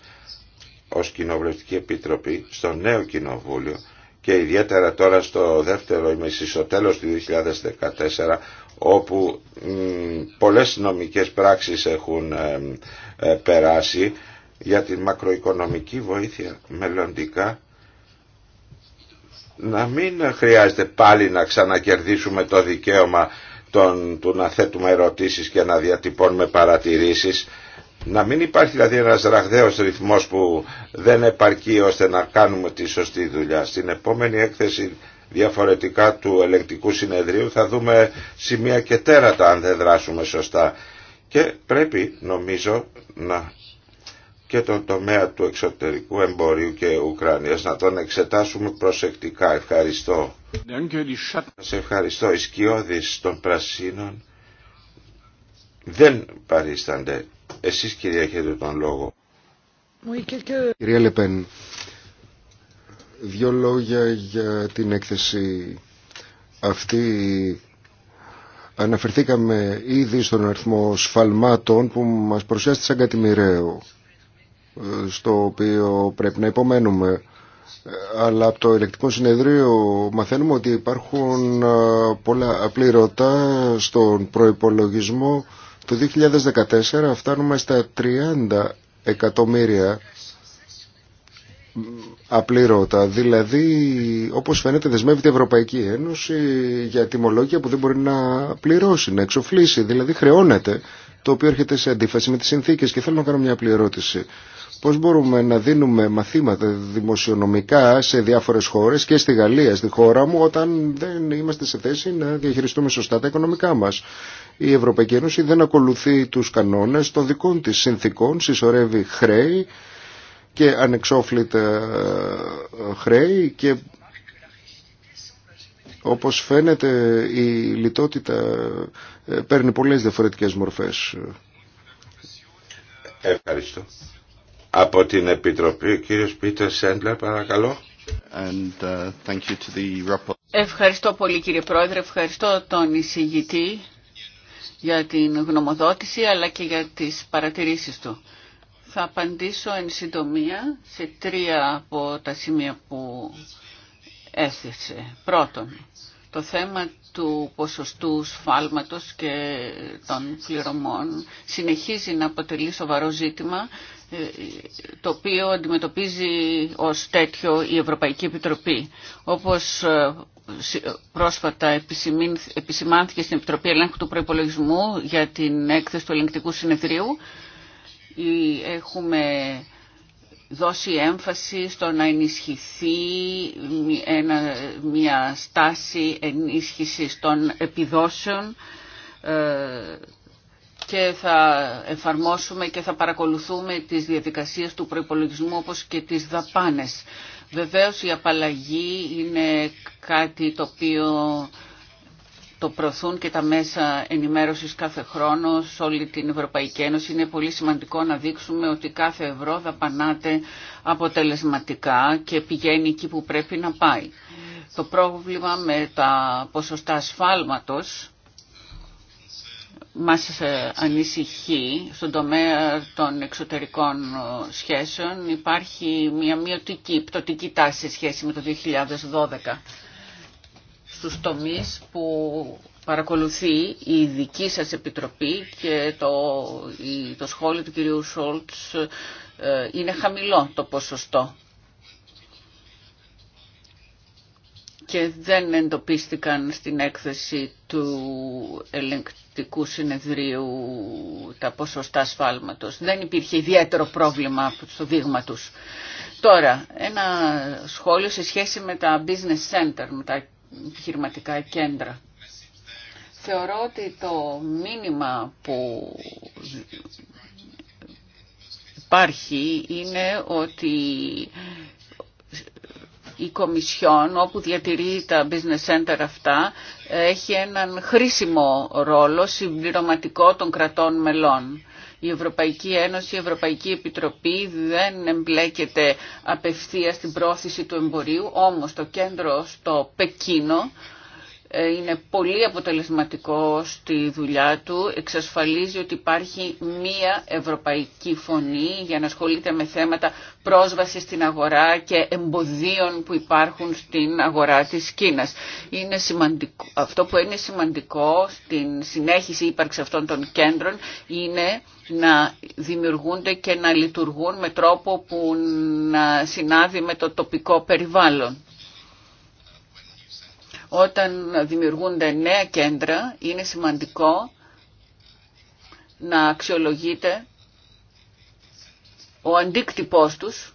ως Κοινοβουλευτική Επιτροπή στο νέο Κοινοβούλιο και ιδιαίτερα τώρα στο δεύτερο ημίση, στο τέλο του 2014, όπου πολλές νομικές πράξεις έχουν ε, ε, περάσει για την μακροοικονομική βοήθεια μελλοντικά να μην χρειάζεται πάλι να ξανακερδίσουμε το δικαίωμα των, του να θέτουμε ερωτήσεις και να διατυπώνουμε παρατηρήσεις να μην υπάρχει δηλαδή ένας ραγδαίος ρυθμός που δεν επαρκεί ώστε να κάνουμε τη σωστή δουλειά. Στην επόμενη έκθεση διαφορετικά του ελεγκτικού συνεδρίου θα δούμε σημεία και τέρατα αν δεν δράσουμε σωστά. Και πρέπει νομίζω να και τον τομέα του εξωτερικού εμπορίου και Ουκρανίας να τον εξετάσουμε προσεκτικά. Ευχαριστώ. Σε ευχαριστώ. Οι σκιώδεις των πρασίνων δεν παρίστανται εσείς κυρία έχετε τον λόγο. Κυρία Λεπέν, δύο λόγια για την έκθεση αυτή. Αναφερθήκαμε ήδη στον αριθμό σφαλμάτων που μας παρουσιάστηκε σαν κάτι στο οποίο πρέπει να υπομένουμε. Αλλά από το ηλεκτρικό συνεδρίο μαθαίνουμε ότι υπάρχουν ε, πολλά απλήρωτα στον προϋπολογισμό το 2014 φτάνουμε στα 30 εκατομμύρια απλήρωτα. Δηλαδή, όπως φαίνεται, δεσμεύεται η Ευρωπαϊκή Ένωση για τιμολόγια που δεν μπορεί να πληρώσει, να εξοφλήσει. Δηλαδή, χρεώνεται, το οποίο έρχεται σε αντίφαση με τις συνθήκες. Και θέλω να κάνω μια απληρώτηση πώς μπορούμε να δίνουμε μαθήματα δημοσιονομικά σε διάφορες χώρες και στη Γαλλία, στη χώρα μου, όταν δεν είμαστε σε θέση να διαχειριστούμε σωστά τα οικονομικά μας. Η Ευρωπαϊκή Ένωση δεν ακολουθεί τους κανόνες των δικών της συνθήκων, συσσωρεύει χρέη και ανεξόφλητα ε, χρέη και όπως φαίνεται η λιτότητα ε, παίρνει πολλές διαφορετικές μορφές. Ευχαριστώ από την Επιτροπή. Ο κύριος Πίτερ Σέντλερ, παρακαλώ. And, uh, thank you Ευχαριστώ πολύ κύριε Πρόεδρε, ευχαριστώ τον εισηγητή για την γνωμοδότηση αλλά και για τις παρατηρήσεις του. Θα απαντήσω εν συντομία σε τρία από τα σημεία που έθεσε. Πρώτον, το θέμα του ποσοστού σφάλματος και των πληρωμών συνεχίζει να αποτελεί σοβαρό ζήτημα το οποίο αντιμετωπίζει ως τέτοιο η Ευρωπαϊκή Επιτροπή. Όπως ε, ε, πρόσφατα επισημάνθηκε στην Επιτροπή Ελέγχου του Προϋπολογισμού για την έκθεση του ελεγκτικού συνεδρίου, έχουμε δώσει έμφαση στο να ενισχυθεί μια στάση ενίσχυσης των επιδόσεων ε, και θα εφαρμόσουμε και θα παρακολουθούμε τις διαδικασίες του προϋπολογισμού όπως και τις δαπάνες. Βεβαίως η απαλλαγή είναι κάτι το οποίο το προωθούν και τα μέσα ενημέρωσης κάθε χρόνο σε όλη την Ευρωπαϊκή Ένωση. Είναι πολύ σημαντικό να δείξουμε ότι κάθε ευρώ δαπανάται αποτελεσματικά και πηγαίνει εκεί που πρέπει να πάει. Το πρόβλημα με τα ποσοστά ασφάλματος μας ε, ανησυχεί στον τομέα των εξωτερικών ε, σχέσεων υπάρχει μια μειωτική, πτωτική τάση σε σχέση με το 2012 στους τομείς που παρακολουθεί η δική σας επιτροπή και το, το σχόλιο του κυρίου Σόλτς ε, είναι χαμηλό το ποσοστό και δεν εντοπίστηκαν στην έκθεση του ελεγκτικού συνεδρίου τα ποσοστά σφάλματος. Δεν υπήρχε ιδιαίτερο πρόβλημα στο δείγμα τους. Τώρα, ένα σχόλιο σε σχέση με τα business center, με τα επιχειρηματικά κέντρα. Θεωρώ ότι το μήνυμα που υπάρχει είναι ότι η Κομισιόν όπου διατηρεί τα business center αυτά έχει έναν χρήσιμο ρόλο συμπληρωματικό των κρατών μελών. Η Ευρωπαϊκή Ένωση, η Ευρωπαϊκή Επιτροπή δεν εμπλέκεται απευθεία στην πρόθεση του εμπορίου, όμως το κέντρο στο Πεκίνο ε, είναι πολύ αποτελεσματικό στη δουλειά του, εξασφαλίζει ότι υπάρχει μία ευρωπαϊκή φωνή για να ασχολείται με θέματα πρόσβασης στην αγορά και εμποδίων που υπάρχουν στην αγορά της Κίνας. Είναι σημαντικό, αυτό που είναι σημαντικό στην συνέχιση ύπαρξη αυτών των κέντρων είναι να δημιουργούνται και να λειτουργούν με τρόπο που να συνάδει με το τοπικό περιβάλλον. Όταν δημιουργούνται νέα κέντρα είναι σημαντικό να αξιολογείται ο αντίκτυπός τους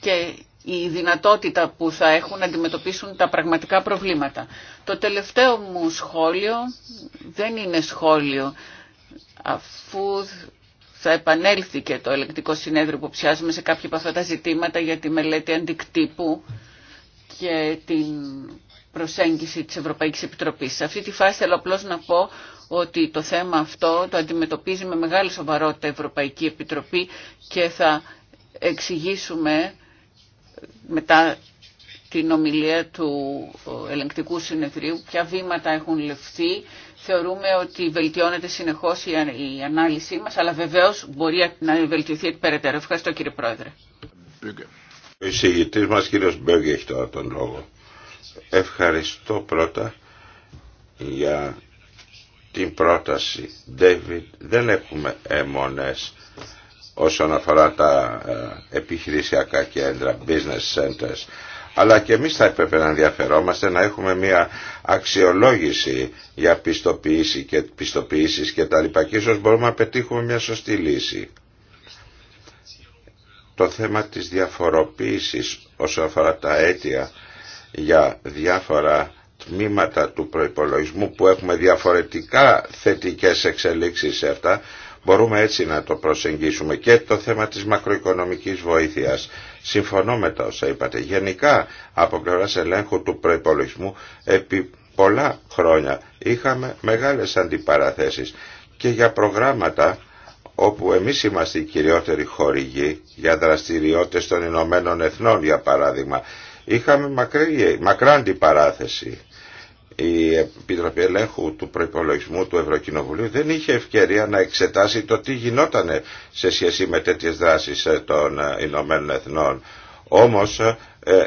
και η δυνατότητα που θα έχουν να αντιμετωπίσουν τα πραγματικά προβλήματα. Το τελευταίο μου σχόλιο δεν είναι σχόλιο αφού θα επανέλθει και το ελεκτικό συνέδριο που ψιάζουμε σε κάποια από αυτά τα ζητήματα για τη μελέτη αντικτύπου και την προσέγγιση της Ευρωπαϊκής Επιτροπής. Σε αυτή τη φάση θέλω απλώς να πω ότι το θέμα αυτό το αντιμετωπίζει με μεγάλη σοβαρότητα η Ευρωπαϊκή Επιτροπή και θα εξηγήσουμε μετά την ομιλία του ελεγκτικού συνεδρίου, ποια βήματα έχουν λεφθεί. Θεωρούμε ότι βελτιώνεται συνεχώς η ανάλυση μας, αλλά βεβαίως μπορεί να βελτιωθεί περαιτέρω. Ευχαριστώ κύριε Πρόεδρε. Ο εισηγητής μας κύριος έχει τώρα τον λόγο. Ευχαριστώ πρώτα για την πρόταση. David, δεν έχουμε αιμονές όσον αφορά τα ε, επιχειρησιακά κέντρα, business centers. Αλλά και εμείς θα έπρεπε να ενδιαφερόμαστε να έχουμε μια αξιολόγηση για πιστοποίηση και πιστοποίησεις και τα λοιπά. Και ίσως μπορούμε να πετύχουμε μια σωστή λύση. Το θέμα της διαφοροποίησης όσον αφορά τα αίτια για διάφορα τμήματα του προϋπολογισμού που έχουμε διαφορετικά θετικές εξελίξεις σε αυτά, μπορούμε έτσι να το προσεγγίσουμε. Και το θέμα της μακροοικονομικής βοήθειας. Συμφωνώ με τα όσα είπατε. Γενικά, από πλευράς ελέγχου του προϋπολογισμού, επί πολλά χρόνια είχαμε μεγάλες αντιπαραθέσεις και για προγράμματα όπου εμείς είμαστε οι κυριότεροι χορηγοί για δραστηριότητες των Ηνωμένων Εθνών για παράδειγμα είχαμε μακρά μακράν παράθεση. Η Επιτροπή Ελέγχου του Προϋπολογισμού του Ευρωκοινοβουλίου δεν είχε ευκαιρία να εξετάσει το τι γινόταν σε σχέση με τέτοιες δράσεις ε, των ε, Ηνωμένων Εθνών. Όμως ε,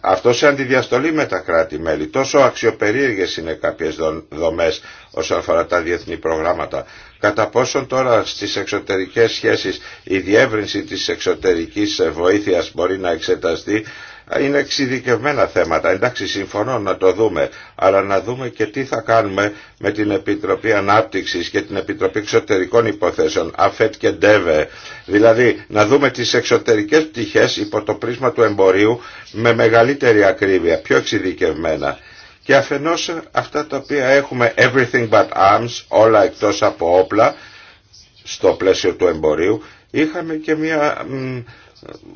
αυτό σε αντιδιαστολή με τα κράτη-μέλη. Τόσο αξιοπερίεργες είναι κάποιες δομές όσον αφορά τα διεθνή προγράμματα. Κατά πόσον τώρα στις εξωτερικές σχέσεις η διεύρυνση της εξωτερικής βοήθειας μπορεί να εξεταστεί είναι εξειδικευμένα θέματα. Εντάξει, συμφωνώ να το δούμε, αλλά να δούμε και τι θα κάνουμε με την Επιτροπή Ανάπτυξης και την Επιτροπή Εξωτερικών Υποθέσεων, ΑΦΕΤ και ΝΤΕΒΕ. Δηλαδή, να δούμε τις εξωτερικές πτυχές υπό το πρίσμα του εμπορίου με μεγαλύτερη ακρίβεια, πιο εξειδικευμένα. Και αφενός αυτά τα οποία έχουμε everything but arms, όλα εκτός από όπλα, στο πλαίσιο του εμπορίου, είχαμε και μια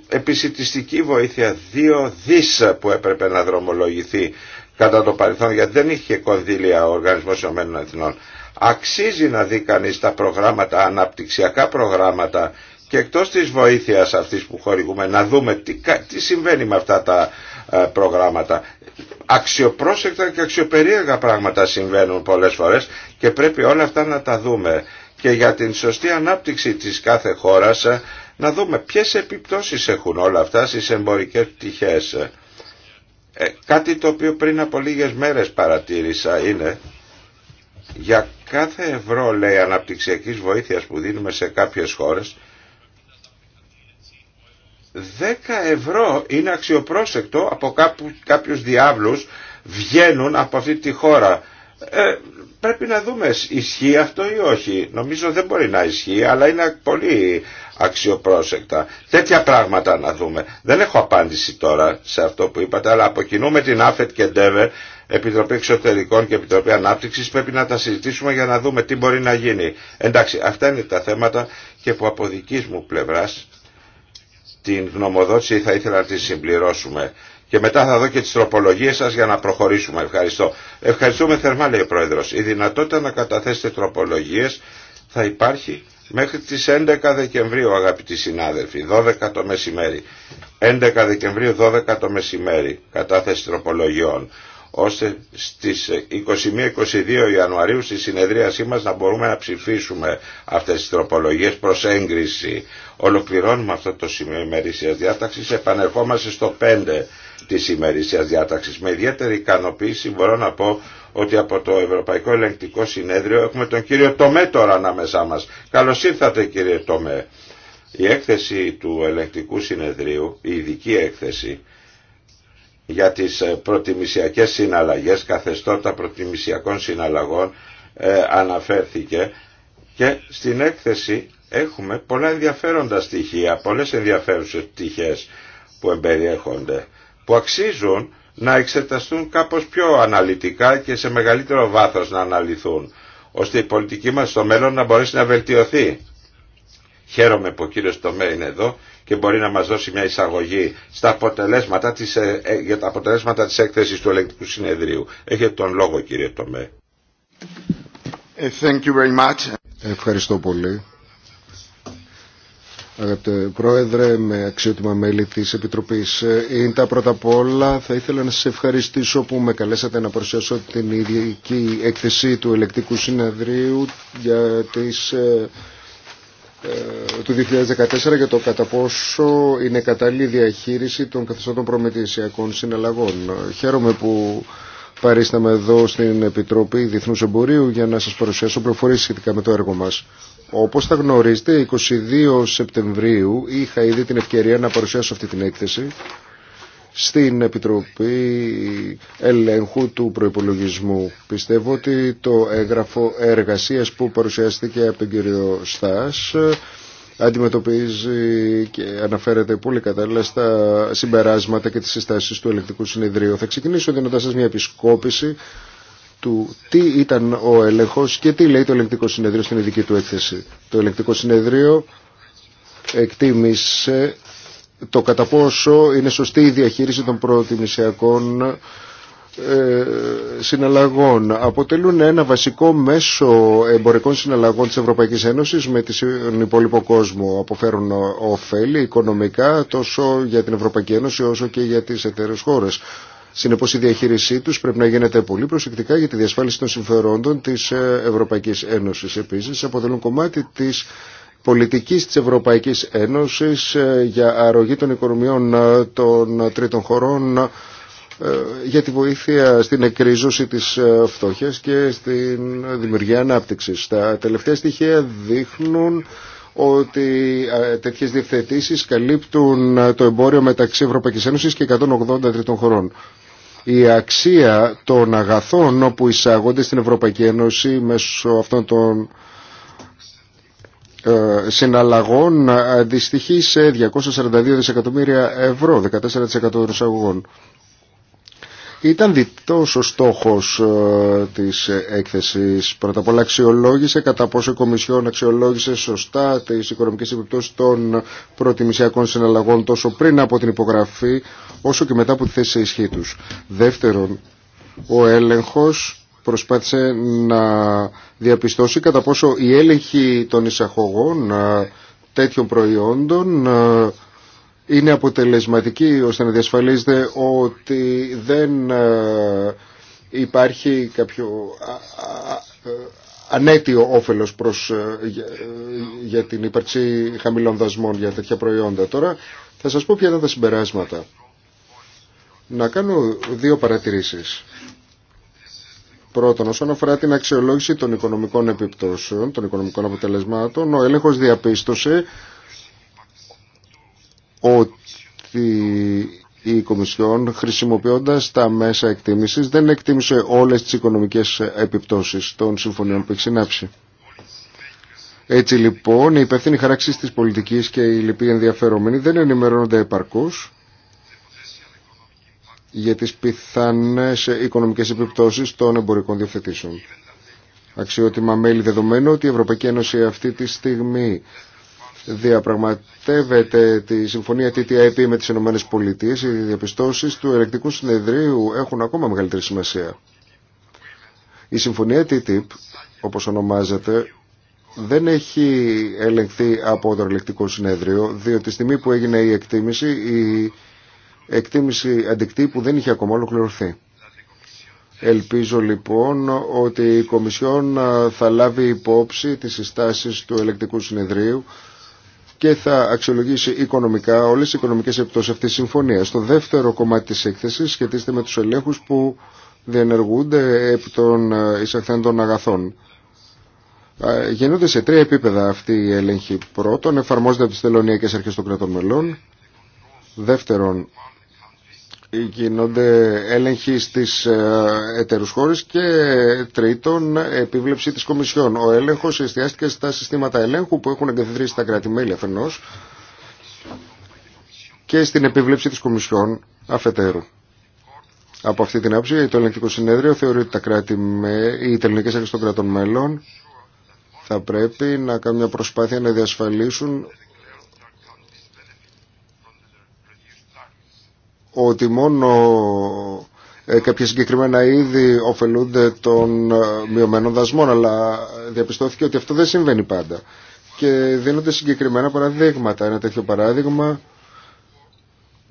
επισητιστική βοήθεια δύο δις που έπρεπε να δρομολογηθεί κατά το παρελθόν γιατί δεν είχε κονδύλια ο Οργανισμός τηνών Εθνών. Αξίζει να δει κανείς τα προγράμματα, αναπτυξιακά προγράμματα και εκτός της βοήθειας αυτής που χορηγούμε να δούμε τι, τι συμβαίνει με αυτά τα ε, προγράμματα. Αξιοπρόσεκτα και αξιοπερίεργα πράγματα συμβαίνουν πολλές φορές και πρέπει όλα αυτά να τα δούμε. Και για την σωστή ανάπτυξη της κάθε χώρας ε, να δούμε ποιες επιπτώσεις έχουν όλα αυτά στις εμπορικές πτυχές. Ε, κάτι το οποίο πριν από λίγες μέρες παρατήρησα είναι για κάθε ευρώ λέει αναπτυξιακής βοήθειας που δίνουμε σε κάποιες χώρες 10 ευρώ είναι αξιοπρόσεκτο από κάποιους διάβλους βγαίνουν από αυτή τη χώρα. Ε, πρέπει να δούμε ισχύει αυτό ή όχι. Νομίζω δεν μπορεί να ισχύει, αλλά είναι πολύ αξιοπρόσεκτα. Τέτοια πράγματα να δούμε. Δεν έχω απάντηση τώρα σε αυτό που είπατε, αλλά αποκινούμε την ΑΦΕΤ και ΝΤΕΒΕ, Επιτροπή Εξωτερικών και Επιτροπή Ανάπτυξης, πρέπει να τα συζητήσουμε για να δούμε τι μπορεί να γίνει. Εντάξει, αυτά είναι τα θέματα και που από δική μου πλευράς την γνωμοδότηση θα ήθελα να τη συμπληρώσουμε και μετά θα δω και τις τροπολογίες σας για να προχωρήσουμε. Ευχαριστώ. Ευχαριστούμε θερμά λέει ο Πρόεδρος. Η δυνατότητα να καταθέσετε τροπολογίες θα υπάρχει μέχρι τις 11 Δεκεμβρίου αγαπητοί συνάδελφοι, 12 το μεσημέρι. 11 Δεκεμβρίου 12 το μεσημέρι κατάθεση τροπολογιών ώστε στις 21-22 Ιανουαρίου στη συνεδρίασή μας να μπορούμε να ψηφίσουμε αυτές τις τροπολογίες προς έγκριση. Ολοκληρώνουμε αυτό το σημείο ημερήσιας διάταξης, επανερχόμαστε στο 5 της ημερήσιας διάταξης. Με ιδιαίτερη ικανοποίηση μπορώ να πω ότι από το Ευρωπαϊκό Ελεγκτικό Συνέδριο έχουμε τον κύριο Τομέ τώρα ανάμεσά μας. Καλώς ήρθατε κύριε Τομέ. Η έκθεση του Ελεγκτικού Συνεδρίου, η ειδική έκθεση για τις ε, προτιμησιακές συναλλαγές, καθεστώτα προτιμησιακών συναλλαγών ε, αναφέρθηκε και στην έκθεση έχουμε πολλά ενδιαφέροντα στοιχεία, πολλές ενδιαφέρουσες πτυχές που εμπεριέχονται που αξίζουν να εξεταστούν κάπως πιο αναλυτικά και σε μεγαλύτερο βάθος να αναλυθούν, ώστε η πολιτική μας στο μέλλον να μπορέσει να βελτιωθεί. Χαίρομαι που ο κύριος Τομέ είναι εδώ και μπορεί να μας δώσει μια εισαγωγή στα αποτελέσματα της, ε, ε, για τα αποτελέσματα της έκθεσης του ελεγκτικού συνεδρίου. Έχετε τον λόγο κύριε Τομέ. Ε, Ευχαριστώ πολύ. Αγαπητέ Πρόεδρε, με αξιότιμα μέλη της Επιτροπής ΙΝΤΑ, ε, πρώτα απ' όλα θα ήθελα να σας ευχαριστήσω που με καλέσατε να παρουσιάσω την ειδική έκθεση του Ελεκτικού Συνεδρίου για τις, ε, ε, του 2014 για το κατά πόσο είναι κατάλληλη διαχείριση των καθεστώτων προμετρησιακών συναλλαγών. Χαίρομαι που παρίσταμε εδώ στην Επιτροπή Διεθνούς Εμπορίου για να σας παρουσιάσω προφορίες σχετικά με το έργο μας. Όπως θα γνωρίζετε, 22 Σεπτεμβρίου είχα ήδη την ευκαιρία να παρουσιάσω αυτή την έκθεση στην Επιτροπή Ελέγχου του Προϋπολογισμού. Πιστεύω ότι το έγγραφο εργασίας που παρουσιάστηκε από τον κύριο Στάς αντιμετωπίζει και αναφέρεται πολύ κατάλληλα στα συμπεράσματα και τις συστάσεις του ελεκτικού συνεδρίου. Θα ξεκινήσω δίνοντας σας μια επισκόπηση του τι ήταν ο έλεγχος και τι λέει το ελεγκτικό συνεδρίο στην ειδική του έκθεση. Το ελεγκτικό συνεδρίο εκτίμησε το κατά πόσο είναι σωστή η διαχείριση των προτιμησιακών ε, συναλλαγών. Αποτελούν ένα βασικό μέσο εμπορικών συναλλαγών της Ευρωπαϊκής Ένωσης με τον υπόλοιπο κόσμο. Αποφέρουν ωφέλη οικονομικά τόσο για την Ευρωπαϊκή Ένωση όσο και για τις εταίρες χώρες. Συνεπώ η διαχείρισή του πρέπει να γίνεται πολύ προσεκτικά για τη διασφάλιση των συμφερόντων τη ε, Ευρωπαϊκή Ένωση. Επίση, αποτελούν κομμάτι τη πολιτική τη Ευρωπαϊκή Ένωση ε, για αρρωγή των οικονομιών ε, των τρίτων χωρών για τη βοήθεια στην εκρίζωση της φτώχειας και στην δημιουργία ανάπτυξης. Τα τελευταία στοιχεία δείχνουν ότι τέτοιες διευθετήσεις καλύπτουν το εμπόριο μεταξύ Ευρωπαϊκής Ένωσης και 183 χωρών η αξία των αγαθών όπου εισάγονται στην Ευρωπαϊκή Ένωση μέσω αυτών των ε, συναλλαγών ε, αντιστοιχεί σε 242 δισεκατομμύρια ευρώ, 14% των εισαγωγών. Ήταν διτό ο στόχος ε, της έκθεσης. Πρώτα απ' όλα αξιολόγησε κατά πόσο η Κομισιόν αξιολόγησε σωστά τις οικονομικές επιπτώσεις των προτιμησιακών συναλλαγών τόσο πριν από την υπογραφή όσο και μετά από τη θέση σε ισχύ τους. Δεύτερον, ο έλεγχος προσπάθησε να διαπιστώσει κατά πόσο η έλεγχη των εισαγωγών ε, τέτοιων προϊόντων ε, είναι αποτελεσματική ώστε να διασφαλίζεται ότι δεν ε, υπάρχει κάποιο ανέτιο όφελος προς, ε, ε, για, την ύπαρξη χαμηλών δασμών για τέτοια προϊόντα. Τώρα θα σας πω ποια ήταν τα συμπεράσματα. Να κάνω δύο παρατηρήσεις. Πρώτον, όσον αφορά την αξιολόγηση των οικονομικών επιπτώσεων, των οικονομικών αποτελεσμάτων, ο έλεγχος διαπίστωσε ότι η Κομισιόν χρησιμοποιώντας τα μέσα εκτίμησης δεν εκτίμησε όλες τις οικονομικές επιπτώσεις των συμφωνιών που έχει συνάψει. Έτσι λοιπόν, οι υπεύθυνοι χαράξεις της πολιτικής και οι λοιποί ενδιαφερόμενοι δεν ενημερώνονται επαρκώς για τις πιθανές οικονομικές επιπτώσεις των εμπορικών διευθετήσεων. Αξιότιμα μέλη δεδομένου ότι η Ευρωπαϊκή Ένωση αυτή τη στιγμή διαπραγματεύεται τη συμφωνία TTIP με τις Ηνωμένες Πολιτείες, οι διαπιστώσεις του ελεκτικού συνεδρίου έχουν ακόμα μεγαλύτερη σημασία. Η συμφωνία TTIP, όπως ονομάζεται, δεν έχει ελεγχθεί από το ελεκτικό συνέδριο, διότι τη στιγμή που έγινε η εκτίμηση, η εκτίμηση αντικτύπου δεν είχε ακόμα ολοκληρωθεί. Ελπίζω λοιπόν ότι η Κομισιόν θα λάβει υπόψη τις συστάσεις του ελεκτικού συνεδρίου και θα αξιολογήσει οικονομικά όλες οι οικονομικές επιπτώσεις αυτής της συμφωνίας. Το δεύτερο κομμάτι της έκθεσης σχετίζεται με τους ελέγχους που διενεργούνται επί των ε, εισαχθέντων αγαθών. Ε, Γεννούνται σε τρία επίπεδα αυτή η ελέγχη. Πρώτον, εφαρμόζεται από τι τελωνιακές αρχέ των κρατών μελών. Δεύτερον, γίνονται έλεγχοι στις ε, εταιρούς χώρες και τρίτον επίβλεψη της Κομισιόν. Ο έλεγχος εστιάστηκε στα συστήματα ελέγχου που έχουν εγκαθιδρύσει τα κράτη-μέλη αφενός και στην επίβλεψη της Κομισιόν αφετέρου. Από αυτή την άποψη το ελεγκτικό συνέδριο θεωρεί ότι τα κράτη οι τελεινικέ αρχές των κρατών μέλων θα πρέπει να κάνουν μια προσπάθεια να διασφαλίσουν ότι μόνο ε, κάποια συγκεκριμένα είδη ωφελούνται των ε, μειωμένων δασμών, αλλά διαπιστώθηκε ότι αυτό δεν συμβαίνει πάντα. Και δίνονται συγκεκριμένα παραδείγματα. Ένα τέτοιο παράδειγμα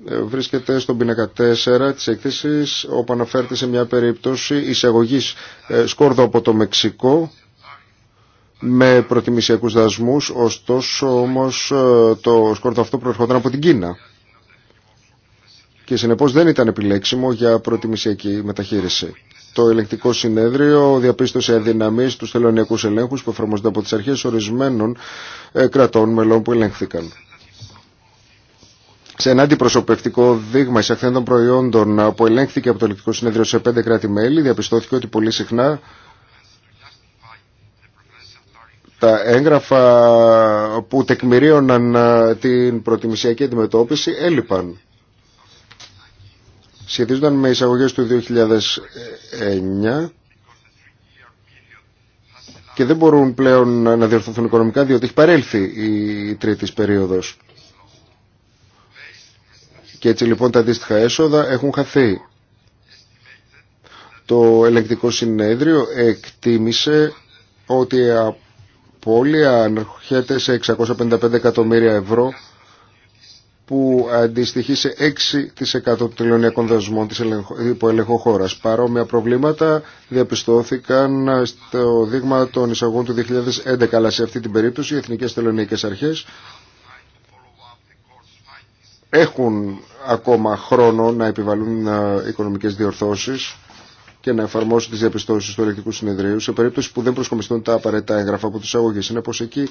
ε, βρίσκεται στον πίνακα 4 της έκθεσης, όπου αναφέρεται σε μια περίπτωση εισαγωγής σκόρδο από το Μεξικό, με προτιμησιακούς δασμούς, ωστόσο όμως το σκόρδο αυτό προερχόταν από την Κίνα και συνεπώς δεν ήταν επιλέξιμο για προτιμησιακή μεταχείριση. Το ελεγκτικό συνέδριο διαπίστωσε αδυναμίε στους θελωνιακούς ελέγχους που εφαρμοζόνται από τις αρχές ορισμένων ε, κρατών μελών που ελέγχθηκαν. Σε ένα αντιπροσωπευτικό δείγμα εισαχθέντων προϊόντων που ελέγχθηκε από το ελεγκτικό συνέδριο σε πέντε κράτη-μέλη, διαπιστώθηκε ότι πολύ συχνά τα έγγραφα που τεκμηρίωναν ε, την προτιμησιακή αντιμετώπιση έλειπαν σχετίζονταν με εισαγωγές του 2009 και δεν μπορούν πλέον να διορθωθούν οικονομικά διότι έχει παρέλθει η τρίτη περίοδος. Και έτσι λοιπόν τα αντίστοιχα έσοδα έχουν χαθεί. Το ελεγκτικό συνέδριο εκτίμησε ότι η απώλεια ανερχέται σε 655 εκατομμύρια ευρώ που αντιστοιχεί σε 6% των τελωνιακών δασμών της υποελεγχό ε, χώρας. Παρόμοια προβλήματα διαπιστώθηκαν στο δείγμα των εισαγών του 2011, αλλά σε αυτή την περίπτωση οι εθνικές τελωνιακές αρχές έχουν ακόμα χρόνο να επιβαλούν ε, οικονομικές διορθώσεις και να εφαρμόσουν τις διαπιστώσεις του ελεκτικού συνεδρίου σε περίπτωση που δεν προσκομιστούν τα απαραίτητα έγγραφα από τους αγωγές. Είναι πως εκεί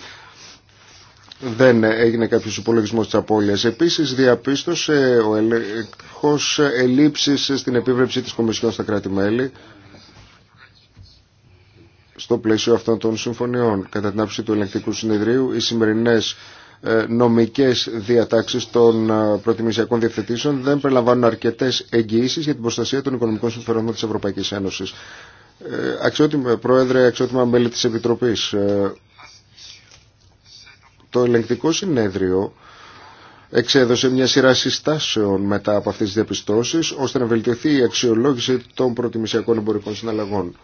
δεν έγινε κάποιος υπολογισμός της απώλειας. Επίσης διαπίστωσε ο έλεγχος ελλείψης στην επίβλεψη της Κομισιόν στα κράτη-μέλη στο πλαίσιο αυτών των συμφωνιών. Κατά την άποψη του Ελεγχτικού συνεδρίου, οι σημερινές ε, νομικές διατάξεις των ε, προτιμησιακών διευθετήσεων δεν περιλαμβάνουν αρκετές εγγυήσεις για την προστασία των οικονομικών συμφερόντων της Ευρωπαϊκής Ένωσης. Ε, αξιότιμα Πρόεδρε, αξιότιμα μέλη της Επιτροπής, το ελεγκτικό συνέδριο εξέδωσε μια σειρά συστάσεων μετά από αυτές τις διαπιστώσεις ώστε να βελτιωθεί η αξιολόγηση των προτιμησιακών εμπορικών συναλλαγών.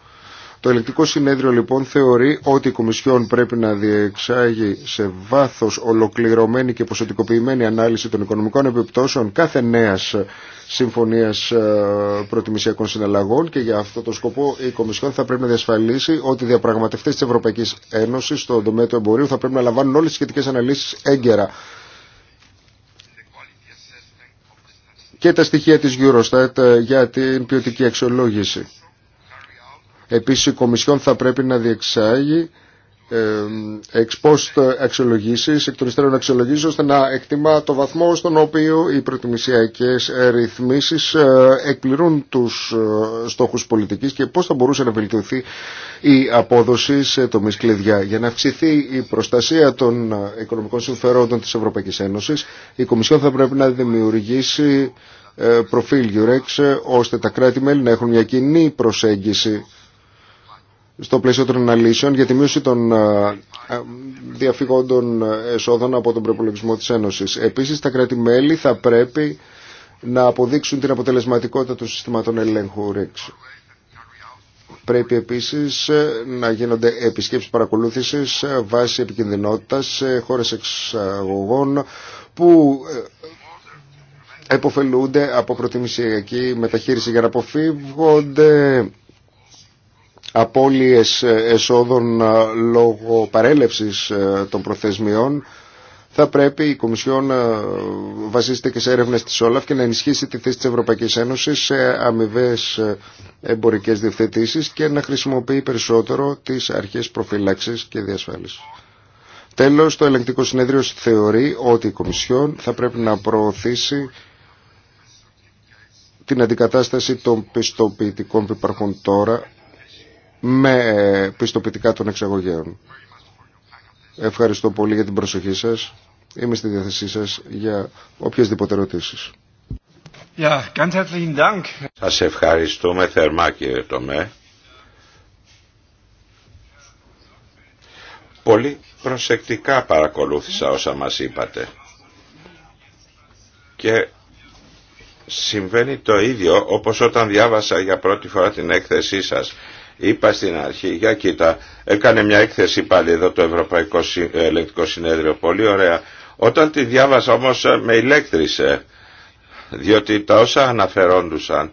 Το ελεκτικό συνέδριο λοιπόν θεωρεί ότι η Κομισιόν πρέπει να διεξάγει σε βάθος ολοκληρωμένη και ποσοτικοποιημένη ανάλυση των οικονομικών επιπτώσεων κάθε νέας συμφωνίας ε, προτιμησιακών συναλλαγών και για αυτό το σκοπό η Κομισιόν θα πρέπει να διασφαλίσει ότι οι διαπραγματευτές της Ευρωπαϊκής Ένωσης στον τομέα του εμπορίου θα πρέπει να λαμβάνουν όλες τις σχετικές αναλύσεις έγκαιρα. και τα στοιχεία της Eurostat ε, για την ποιοτική αξιολόγηση. Επίσης η Κομισιόν θα πρέπει να διεξάγει εξ post αξιολογήσεις, εκ των υστέρων αξιολογήσεις, ώστε να εκτιμά το βαθμό στον οποίο οι προτιμησιακές ρυθμίσεις ε, εκπληρούν τους ε, στόχους πολιτικής και πώς θα μπορούσε να βελτιωθεί η απόδοση σε τομεί κλειδιά. Για να αυξηθεί η προστασία των ε, οικονομικών συμφερόντων της Ευρωπαϊκής Ένωσης, η Κομισιόν θα πρέπει να δημιουργήσει προφίλ Eurex, ώστε τα κράτη-μέλη να έχουν μια κοινή προσέγγιση στο πλαίσιο των αναλύσεων για τη μείωση των ε, ε, διαφυγόντων εσόδων από τον προπολογισμό της Ένωσης. Επίσης, τα κράτη-μέλη θα πρέπει να αποδείξουν την αποτελεσματικότητα των συστημάτων ελέγχου ρίξου. Πρέπει επίσης ε, να γίνονται επισκέψεις παρακολούθησης βάσει επικινδυνότητας σε χώρες εξαγωγών που εποφελούνται από προτιμησιακή μεταχείριση για να αποφύγονται απώλειες ε, εσόδων ε, λόγω παρέλευσης ε, των προθεσμιών θα πρέπει η Κομισιόν βασίζεται και σε έρευνες της Όλαφ και να ενισχύσει τη θέση της Ευρωπαϊκής Ένωσης σε αμοιβέ εμπορικές διευθετήσεις και να χρησιμοποιεί περισσότερο τις αρχές προφυλάξης και διασφάλισης. Τέλος, το ελεγκτικό συνέδριο θεωρεί ότι η Κομισιόν θα πρέπει να προωθήσει την αντικατάσταση των πιστοποιητικών που υπάρχουν τώρα με πιστοποιητικά των εξαγωγέων. Ευχαριστώ πολύ για την προσοχή σας. Είμαι στη διάθεσή σας για οποιασδήποτε ερωτήσεις. Ja, ganz Σας ευχαριστούμε θερμά κύριε Τομέ. Πολύ προσεκτικά παρακολούθησα όσα μας είπατε. Και συμβαίνει το ίδιο όπως όταν διάβασα για πρώτη φορά την έκθεσή σας Είπα στην αρχή, για κοίτα, έκανε μια έκθεση πάλι εδώ το Ευρωπαϊκό ε, Ελεκτικό Συνέδριο, πολύ ωραία. Όταν τη διάβασα όμως ε, με ηλέκτρισε, διότι τα όσα αναφερόντουσαν,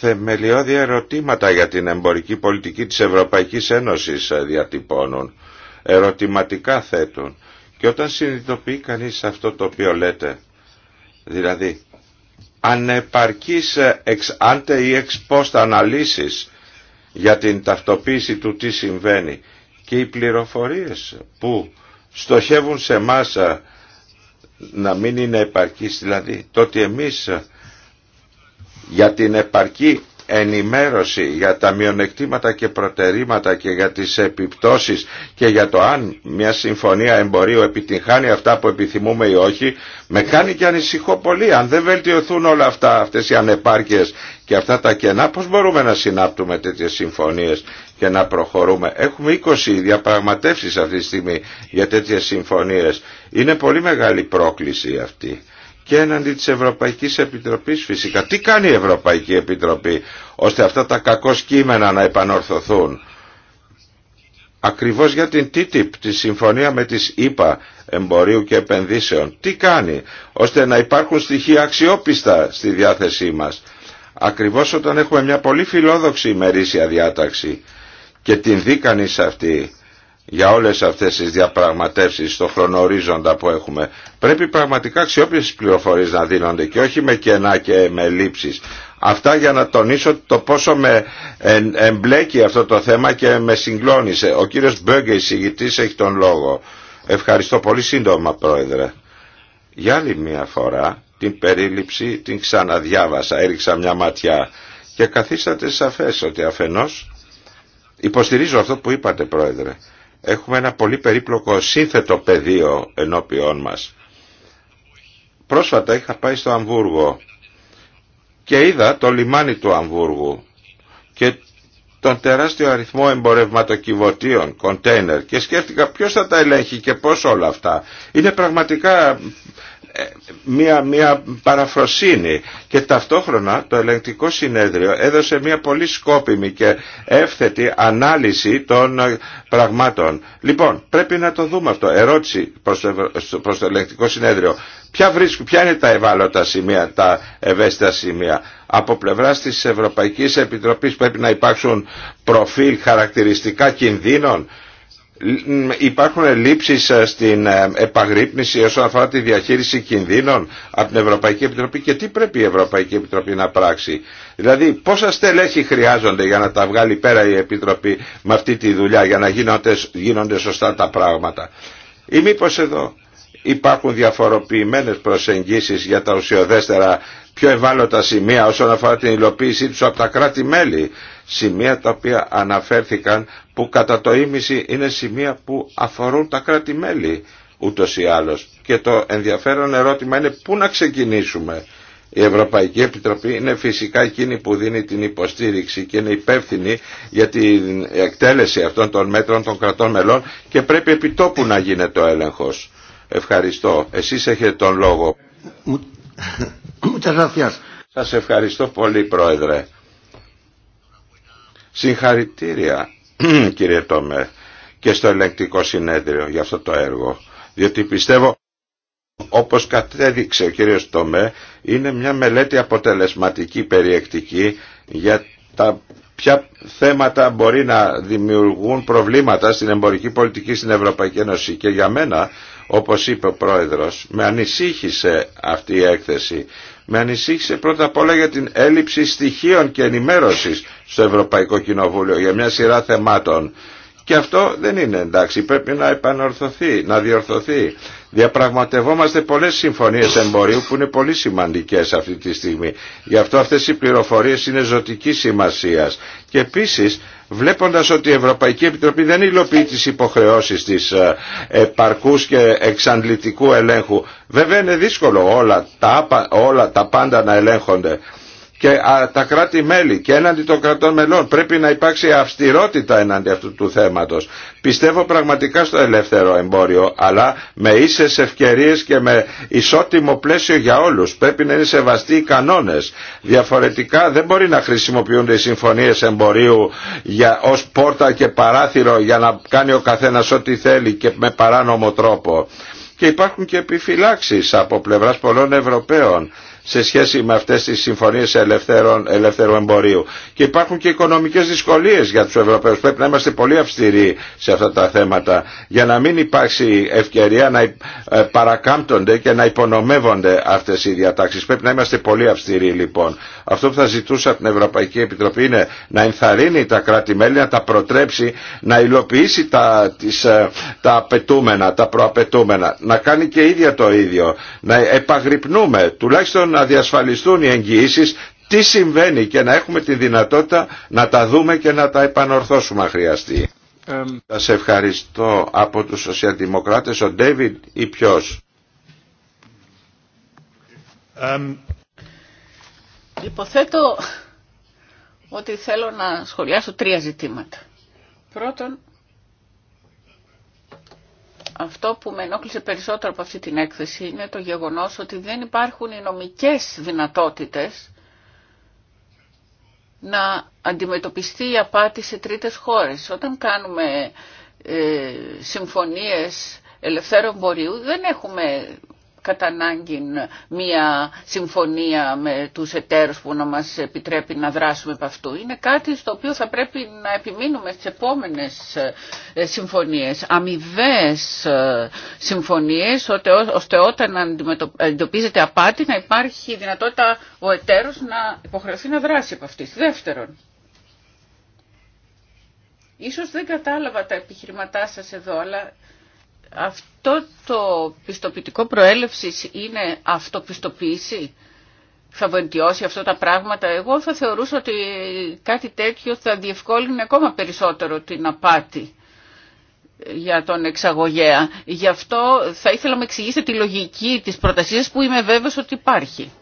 θεμελιώδη ερωτήματα για την εμπορική πολιτική της Ευρωπαϊκής Ένωσης ε, διατυπώνουν, ερωτηματικά θέτουν. Και όταν συνειδητοποιεί κανείς αυτό το οποίο λέτε, δηλαδή ανεπαρκής εξ άντε ή εξ αναλύσεις για την ταυτοποίηση του τι συμβαίνει και οι πληροφορίες που στοχεύουν σε μάσα ε, να μην είναι επαρκείς δηλαδή το ότι εμείς ε, για την επαρκή ενημέρωση για τα μειονεκτήματα και προτερήματα και για τις επιπτώσεις και για το αν μια συμφωνία εμπορίου επιτυγχάνει αυτά που επιθυμούμε ή όχι με κάνει και ανησυχώ πολύ αν δεν βελτιωθούν όλα αυτά αυτές οι ανεπάρκειες και αυτά τα κενά πώς μπορούμε να συνάπτουμε τέτοιες συμφωνίες και να προχωρούμε. Έχουμε 20 διαπραγματεύσεις αυτή τη στιγμή για τέτοιες συμφωνίες. Είναι πολύ μεγάλη πρόκληση αυτή και έναντι της Ευρωπαϊκής Επιτροπής φυσικά. Τι κάνει η Ευρωπαϊκή Επιτροπή ώστε αυτά τα κακό κείμενα να επανορθωθούν. Ακριβώς για την TTIP, τη συμφωνία με τις ίπα εμπορίου και επενδύσεων. Τι κάνει ώστε να υπάρχουν στοιχεία αξιόπιστα στη διάθεσή μας. Ακριβώς όταν έχουμε μια πολύ φιλόδοξη ημερήσια διάταξη και την δίκανη σε αυτή για όλες αυτές τις διαπραγματεύσεις στο χρονορίζοντα που έχουμε. Πρέπει πραγματικά αξιόπιστες πληροφορίες να δίνονται και όχι με κενά και με λήψεις. Αυτά για να τονίσω το πόσο με εμπλέκει αυτό το θέμα και με συγκλώνησε. Ο κύριος Μπέγκε, εισηγητής, έχει τον λόγο. Ευχαριστώ πολύ σύντομα, Πρόεδρε. Για άλλη μια φορά την περίληψη την ξαναδιάβασα, έριξα μια ματιά και καθίσατε σαφές ότι αφενός υποστηρίζω αυτό που είπατε, Πρόεδρε έχουμε ένα πολύ περίπλοκο σύνθετο πεδίο ενώπιόν μας. Πρόσφατα είχα πάει στο Αμβούργο και είδα το λιμάνι του Αμβούργου και τον τεράστιο αριθμό εμπορευματοκιβωτίων, κοντέινερ και σκέφτηκα ποιος θα τα ελέγχει και πώς όλα αυτά. Είναι πραγματικά ε, μια, μια παραφροσύνη και ταυτόχρονα το ελεγκτικό συνέδριο έδωσε μια πολύ σκόπιμη και εύθετη ανάλυση των ε, πραγμάτων. Λοιπόν, πρέπει να το δούμε αυτό. Ερώτηση προς το, προς το ελεγκτικό συνέδριο. Ποια, βρίσκουν, ποια είναι τα ευάλωτα σημεία, τα ευαίσθητα σημεία. Από πλευρά τη Ευρωπαϊκή Επιτροπή πρέπει να υπάρξουν προφίλ χαρακτηριστικά κινδύνων. Υπάρχουν λήψεις ε, στην ε, επαγρύπνηση όσον αφορά τη διαχείριση κινδύνων από την Ευρωπαϊκή Επιτροπή και τι πρέπει η Ευρωπαϊκή Επιτροπή να πράξει. Δηλαδή πόσα στελέχη χρειάζονται για να τα βγάλει πέρα η Επιτροπή με αυτή τη δουλειά για να γίνονται, γίνονται σωστά τα πράγματα. Ή μήπως εδώ υπάρχουν διαφοροποιημένες προσεγγίσεις για τα ουσιοδέστερα πιο ευάλωτα σημεία όσον αφορά την υλοποίησή τους από τα κράτη-μέλη. Σημεία τα οποία αναφέρθηκαν που κατά το ίμιση είναι σημεία που αφορούν τα κράτη-μέλη ούτως ή άλλως. Και το ενδιαφέρον ερώτημα είναι πού να ξεκινήσουμε. Η Ευρωπαϊκή Επιτροπή είναι φυσικά εκείνη που δίνει την υποστήριξη και είναι υπεύθυνη για την εκτέλεση αυτών των μέτρων των κρατών μελών και πρέπει επιτόπου να γίνεται ο έλεγχος. Ευχαριστώ. Εσείς έχετε τον λόγο. Σας ευχαριστώ πολύ Πρόεδρε. Συγχαρητήρια [clears throat] κύριε Τόμε και στο ελεγκτικό συνέδριο για αυτό το έργο. Διότι πιστεύω όπως κατέδειξε ο κύριος Τομέ, είναι μια μελέτη αποτελεσματική περιεκτική για τα ποια θέματα μπορεί να δημιουργούν προβλήματα στην εμπορική πολιτική στην Ευρωπαϊκή Ένωση. Και για μένα όπως είπε ο Πρόεδρος, με ανησύχησε αυτή η έκθεση. Με ανησύχησε πρώτα απ' όλα για την έλλειψη στοιχείων και ενημέρωσης στο Ευρωπαϊκό Κοινοβούλιο για μια σειρά θεμάτων. Και αυτό δεν είναι εντάξει, πρέπει να επανορθωθεί, να διορθωθεί. Διαπραγματευόμαστε πολλές συμφωνίες εμπορίου που είναι πολύ σημαντικές αυτή τη στιγμή. Γι' αυτό αυτές οι πληροφορίες είναι ζωτικής σημασίας. Και επίσης βλέποντας ότι η Ευρωπαϊκή Επιτροπή δεν υλοποιεί τις υποχρεώσεις της ε, επαρκούς και εξαντλητικού ελέγχου. Βέβαια είναι δύσκολο όλα τα, όλα τα πάντα να ελέγχονται, και τα κράτη-μέλη και έναντι των κρατών μελών. Πρέπει να υπάρξει αυστηρότητα έναντι αυτού του θέματος. Πιστεύω πραγματικά στο ελεύθερο εμπόριο, αλλά με ίσες ευκαιρίες και με ισότιμο πλαίσιο για όλους. Πρέπει να είναι σεβαστοί οι κανόνες. Διαφορετικά δεν μπορεί να χρησιμοποιούνται οι συμφωνίες εμπορίου για, ως πόρτα και παράθυρο για να κάνει ο καθένας ό,τι θέλει και με παράνομο τρόπο. Και υπάρχουν και επιφυλάξεις από πλευράς πολλών Ευρωπαίων σε σχέση με αυτές τις συμφωνίες ελευθέρων, ελεύθερου εμπορίου. Και υπάρχουν και οικονομικές δυσκολίες για τους Ευρωπαίους. Πρέπει να είμαστε πολύ αυστηροί σε αυτά τα θέματα για να μην υπάρξει ευκαιρία να ε, παρακάμπτονται και να υπονομεύονται αυτές οι διατάξεις. Πρέπει να είμαστε πολύ αυστηροί λοιπόν. Αυτό που θα ζητούσα από την Ευρωπαϊκή Επιτροπή είναι να ενθαρρύνει τα κράτη-μέλη, να τα προτρέψει, να υλοποιήσει τα, τις, ε, τα απαιτούμενα, τα προαπαιτούμενα. Να κάνει και ίδια το ίδιο. Να επαγρυπνούμε, τουλάχιστον να διασφαλιστούν οι εγγυήσεις τι συμβαίνει και να έχουμε τη δυνατότητα να τα δούμε και να τα επανορθώσουμε αν χρειαστεί. Ε, σε ευχαριστώ από τους σοσιαλδημοκράτες, ο Ντέιβιντ ή ποιος. υποθέτω ότι θέλω να σχολιάσω τρία ζητήματα. Πρώτον, αυτό που με ενόχλησε περισσότερο από αυτή την έκθεση είναι το γεγονός ότι δεν υπάρχουν οι νομικές δυνατότητες να αντιμετωπιστεί η απάτη σε τρίτες χώρες. Όταν κάνουμε ε, συμφωνίες ελευθέρου εμπορίου δεν έχουμε κατά ανάγκη μια συμφωνία με τους εταίρους που να μας επιτρέπει να δράσουμε από αυτού. Είναι κάτι στο οποίο θα πρέπει να επιμείνουμε στις επόμενες ε, συμφωνίες, αμοιβές ε, συμφωνίες, ώστε όταν αντιμετωπίζεται απάτη να υπάρχει δυνατότητα ο εταίρος να υποχρεωθεί να δράσει από αυτής. Δεύτερον, ίσως δεν κατάλαβα τα επιχειρηματά σας εδώ, αλλά αυτό το πιστοποιητικό προέλευσης είναι αυτοπιστοποίηση. Θα βελτιώσει αυτά τα πράγματα. Εγώ θα θεωρούσα ότι κάτι τέτοιο θα διευκόλυνε ακόμα περισσότερο την απάτη για τον εξαγωγέα. Γι' αυτό θα ήθελα να με εξηγήσετε τη λογική της προτασίας που είμαι βέβαιος ότι υπάρχει.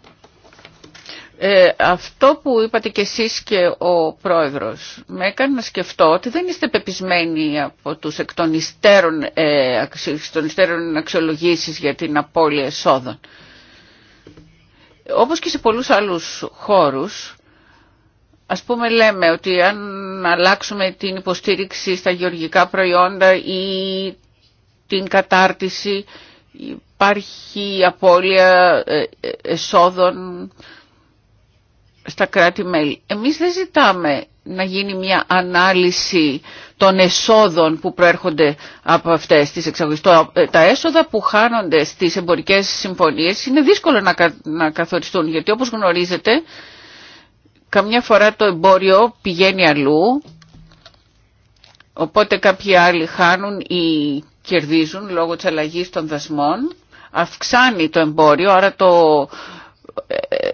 Ε, αυτό που είπατε κι εσείς και ο πρόεδρος με έκανε να σκεφτώ ότι δεν είστε πεπισμένοι από τους εκ των ε, αξιολογήσεις για την απώλεια εσόδων. Όπως και σε πολλούς άλλους χώρους, ας πούμε λέμε ότι αν αλλάξουμε την υποστήριξη στα γεωργικά προϊόντα ή την κατάρτιση υπάρχει απώλεια ε, εσόδων στα κράτη-μέλη. Εμείς δεν ζητάμε να γίνει μια ανάλυση των εσόδων που προέρχονται από αυτές τις εξαγωγές. Ε, τα έσοδα που χάνονται στις εμπορικές συμφωνίες είναι δύσκολο να καθοριστούν, γιατί όπως γνωρίζετε, καμιά φορά το εμπόριο πηγαίνει αλλού, οπότε κάποιοι άλλοι χάνουν ή κερδίζουν λόγω της αλλαγής των δασμών, αυξάνει το εμπόριο, άρα το ε,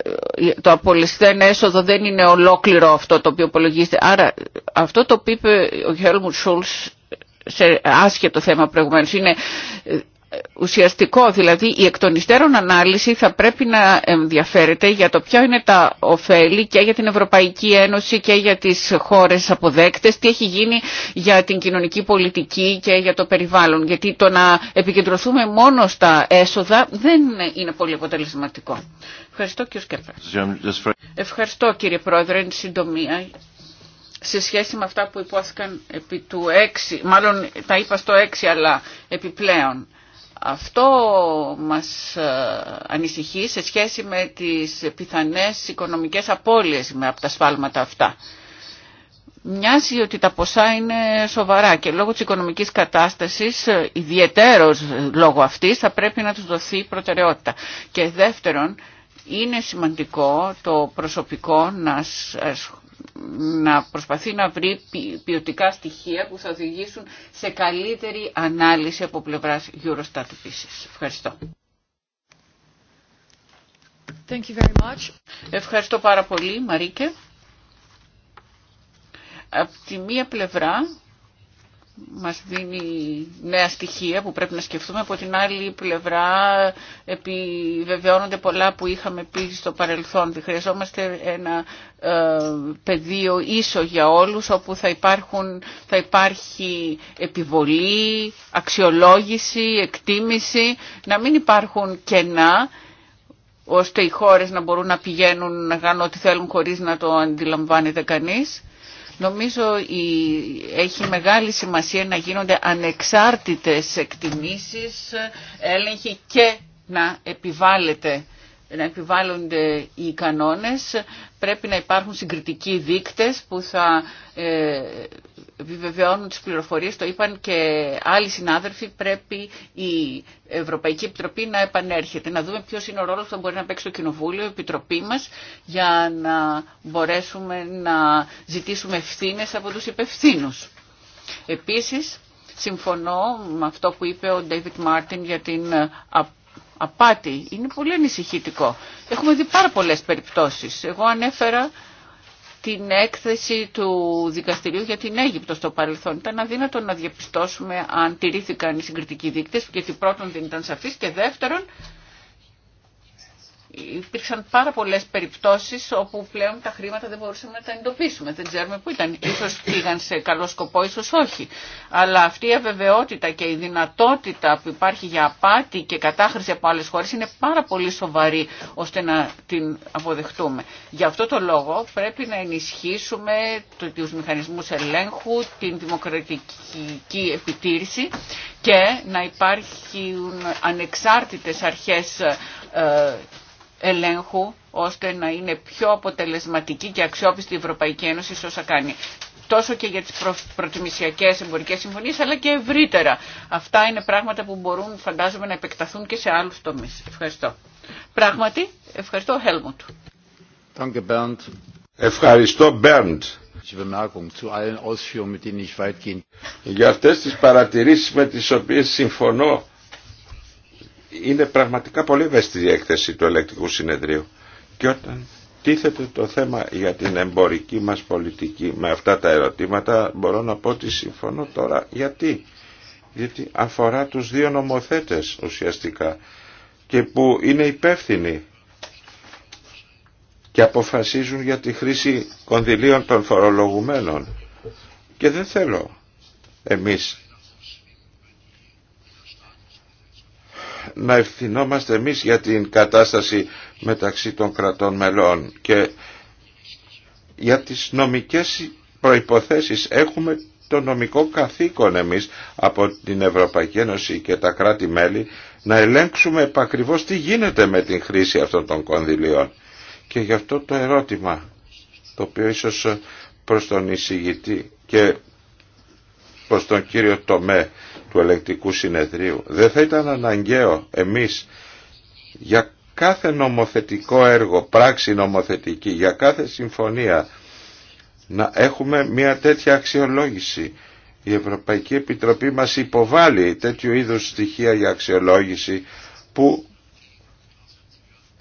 το απολυστέν έσοδο δεν είναι ολόκληρο αυτό το οποίο υπολογίζεται. Άρα αυτό το που είπε ο Χέλμουντ Σούλς σε άσχετο θέμα προηγουμένως είναι ε, ουσιαστικό, δηλαδή η εκ των υστέρων ανάλυση θα πρέπει να ενδιαφέρεται για το ποιο είναι τα ωφέλη και για την Ευρωπαϊκή Ένωση και για τις χώρες αποδέκτες, τι έχει γίνει για την κοινωνική πολιτική και για το περιβάλλον. Γιατί το να επικεντρωθούμε μόνο στα έσοδα δεν είναι πολύ αποτελεσματικό. Ευχαριστώ κύριε Σκέπρα. Ευχαριστώ κύριε Πρόεδρε, είναι συντομία σε σχέση με αυτά που υπόθηκαν επί του 6, μάλλον τα είπα στο 6 αλλά επιπλέον. Αυτό μας ε, ανησυχεί σε σχέση με τις πιθανές οικονομικές απώλειες με από τα σφάλματα αυτά. Μοιάζει ότι τα ποσά είναι σοβαρά και λόγω της οικονομικής κατάστασης, ε, ιδιαιτέρως ε, λόγω αυτής, θα πρέπει να τους δοθεί προτεραιότητα. Και δεύτερον, είναι σημαντικό το προσωπικό να να προσπαθεί να βρει ποιοτικά στοιχεία που θα οδηγήσουν σε καλύτερη ανάλυση από πλευράς Eurostat επίσης. Ευχαριστώ. Thank you very much. Ευχαριστώ πάρα πολύ, Μαρίκε. Από τη μία πλευρά μας δίνει νέα στοιχεία που πρέπει να σκεφτούμε. Από την άλλη πλευρά επιβεβαιώνονται πολλά που είχαμε πει στο παρελθόν. Χρειαζόμαστε ένα ε, πεδίο ίσο για όλους όπου θα, υπάρχουν, θα υπάρχει επιβολή, αξιολόγηση, εκτίμηση, να μην υπάρχουν κενά ώστε οι χώρες να μπορούν να πηγαίνουν να κάνουν ό,τι θέλουν χωρίς να το αντιλαμβάνεται κανείς. Νομίζω έχει μεγάλη σημασία να γίνονται ανεξάρτητες εκτιμήσεις, έλεγχοι και να επιβάλλεται να επιβάλλονται οι κανόνες, πρέπει να υπάρχουν συγκριτικοί δείκτες που θα ε, επιβεβαιώνουν τις πληροφορίες, το είπαν και άλλοι συνάδελφοι, πρέπει η Ευρωπαϊκή Επιτροπή να επανέρχεται, να δούμε ποιος είναι ο ρόλος που θα μπορεί να παίξει το Κοινοβούλιο, η Επιτροπή μας, για να μπορέσουμε να ζητήσουμε ευθύνε από τους υπευθύνους. Επίσης, συμφωνώ με αυτό που είπε ο Ντέιβιτ Μάρτιν για την απάτη. Είναι πολύ ανησυχητικό. Έχουμε δει πάρα πολλές περιπτώσεις. Εγώ ανέφερα την έκθεση του δικαστηρίου για την Αίγυπτο στο παρελθόν. Ήταν αδύνατο να διαπιστώσουμε αν τηρήθηκαν οι συγκριτικοί δείκτες, γιατί πρώτον δεν ήταν σαφείς και δεύτερον υπήρξαν πάρα πολλέ περιπτώσεις όπου πλέον τα χρήματα δεν μπορούσαμε να τα εντοπίσουμε. Δεν ξέρουμε πού ήταν. Ίσως πήγαν σε καλό σκοπό, ίσω όχι. Αλλά αυτή η αβεβαιότητα και η δυνατότητα που υπάρχει για απάτη και κατάχρηση από άλλε χώρε είναι πάρα πολύ σοβαρή ώστε να την αποδεχτούμε. Γι' αυτό το λόγο πρέπει να ενισχύσουμε του μηχανισμού ελέγχου, την δημοκρατική επιτήρηση και να υπάρχουν ανεξάρτητες αρχές ε, ελέγχου ώστε να είναι πιο αποτελεσματική και αξιόπιστη η Ευρωπαϊκή Ένωση σε όσα κάνει. Τόσο και για τις προ... προτιμησιακές εμπορικές συμφωνίες αλλά και ευρύτερα. Αυτά είναι πράγματα που μπορούν φαντάζομαι να επεκταθούν και σε άλλους τομείς. Ευχαριστώ. Πράγματι, ευχαριστώ Χέλμουντ. Ευχαριστώ Μπέρντ για αυτές τις παρατηρήσεις με τις οποίες συμφωνώ είναι πραγματικά πολύ ευαίσθητη η έκθεση του ελεκτικού συνεδρίου. Και όταν τίθεται το θέμα για την εμπορική μας πολιτική με αυτά τα ερωτήματα, μπορώ να πω ότι συμφωνώ τώρα. Γιατί? Γιατί αφορά τους δύο νομοθέτες ουσιαστικά και που είναι υπεύθυνοι και αποφασίζουν για τη χρήση κονδυλίων των φορολογουμένων. Και δεν θέλω εμείς να ευθυνόμαστε εμείς για την κατάσταση μεταξύ των κρατών μελών και για τις νομικές προϋποθέσεις έχουμε το νομικό καθήκον εμείς από την Ευρωπαϊκή Ένωση και τα κράτη-μέλη να ελέγξουμε επακριβώς τι γίνεται με την χρήση αυτών των κονδυλίων. Και γι' αυτό το ερώτημα, το οποίο ίσως προς τον εισηγητή και προς τον κύριο Τομέ του ελεκτικού συνεδρίου. Δεν θα ήταν αναγκαίο εμείς για κάθε νομοθετικό έργο, πράξη νομοθετική, για κάθε συμφωνία να έχουμε μια τέτοια αξιολόγηση. Η Ευρωπαϊκή Επιτροπή μας υποβάλλει τέτοιου είδους στοιχεία για αξιολόγηση που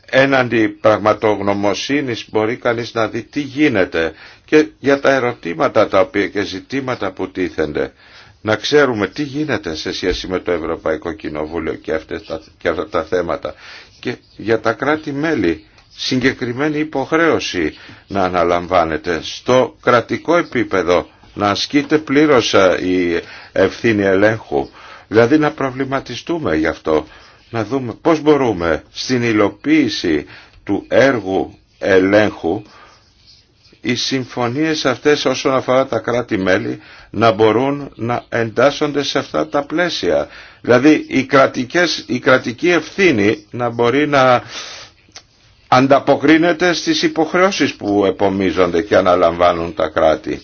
έναντι πραγματογνωμοσύνης μπορεί κανείς να δει τι γίνεται και για τα ερωτήματα τα οποία και ζητήματα που τίθενται να ξέρουμε τι γίνεται σε σχέση με το Ευρωπαϊκό Κοινοβούλιο και, αυτές τα, αυτά τα θέματα. Και για τα κράτη-μέλη συγκεκριμένη υποχρέωση να αναλαμβάνεται στο κρατικό επίπεδο να ασκείται πλήρως ε, η ευθύνη ελέγχου. Δηλαδή να προβληματιστούμε γι' αυτό, να δούμε πώς μπορούμε στην υλοποίηση του έργου ελέγχου οι συμφωνίες αυτές όσον αφορά τα κράτη-μέλη να μπορούν να εντάσσονται σε αυτά τα πλαίσια. Δηλαδή η, κρατικές, η κρατική ευθύνη να μπορεί να ανταποκρίνεται στις υποχρεώσεις που επομίζονται και αναλαμβάνουν τα κράτη.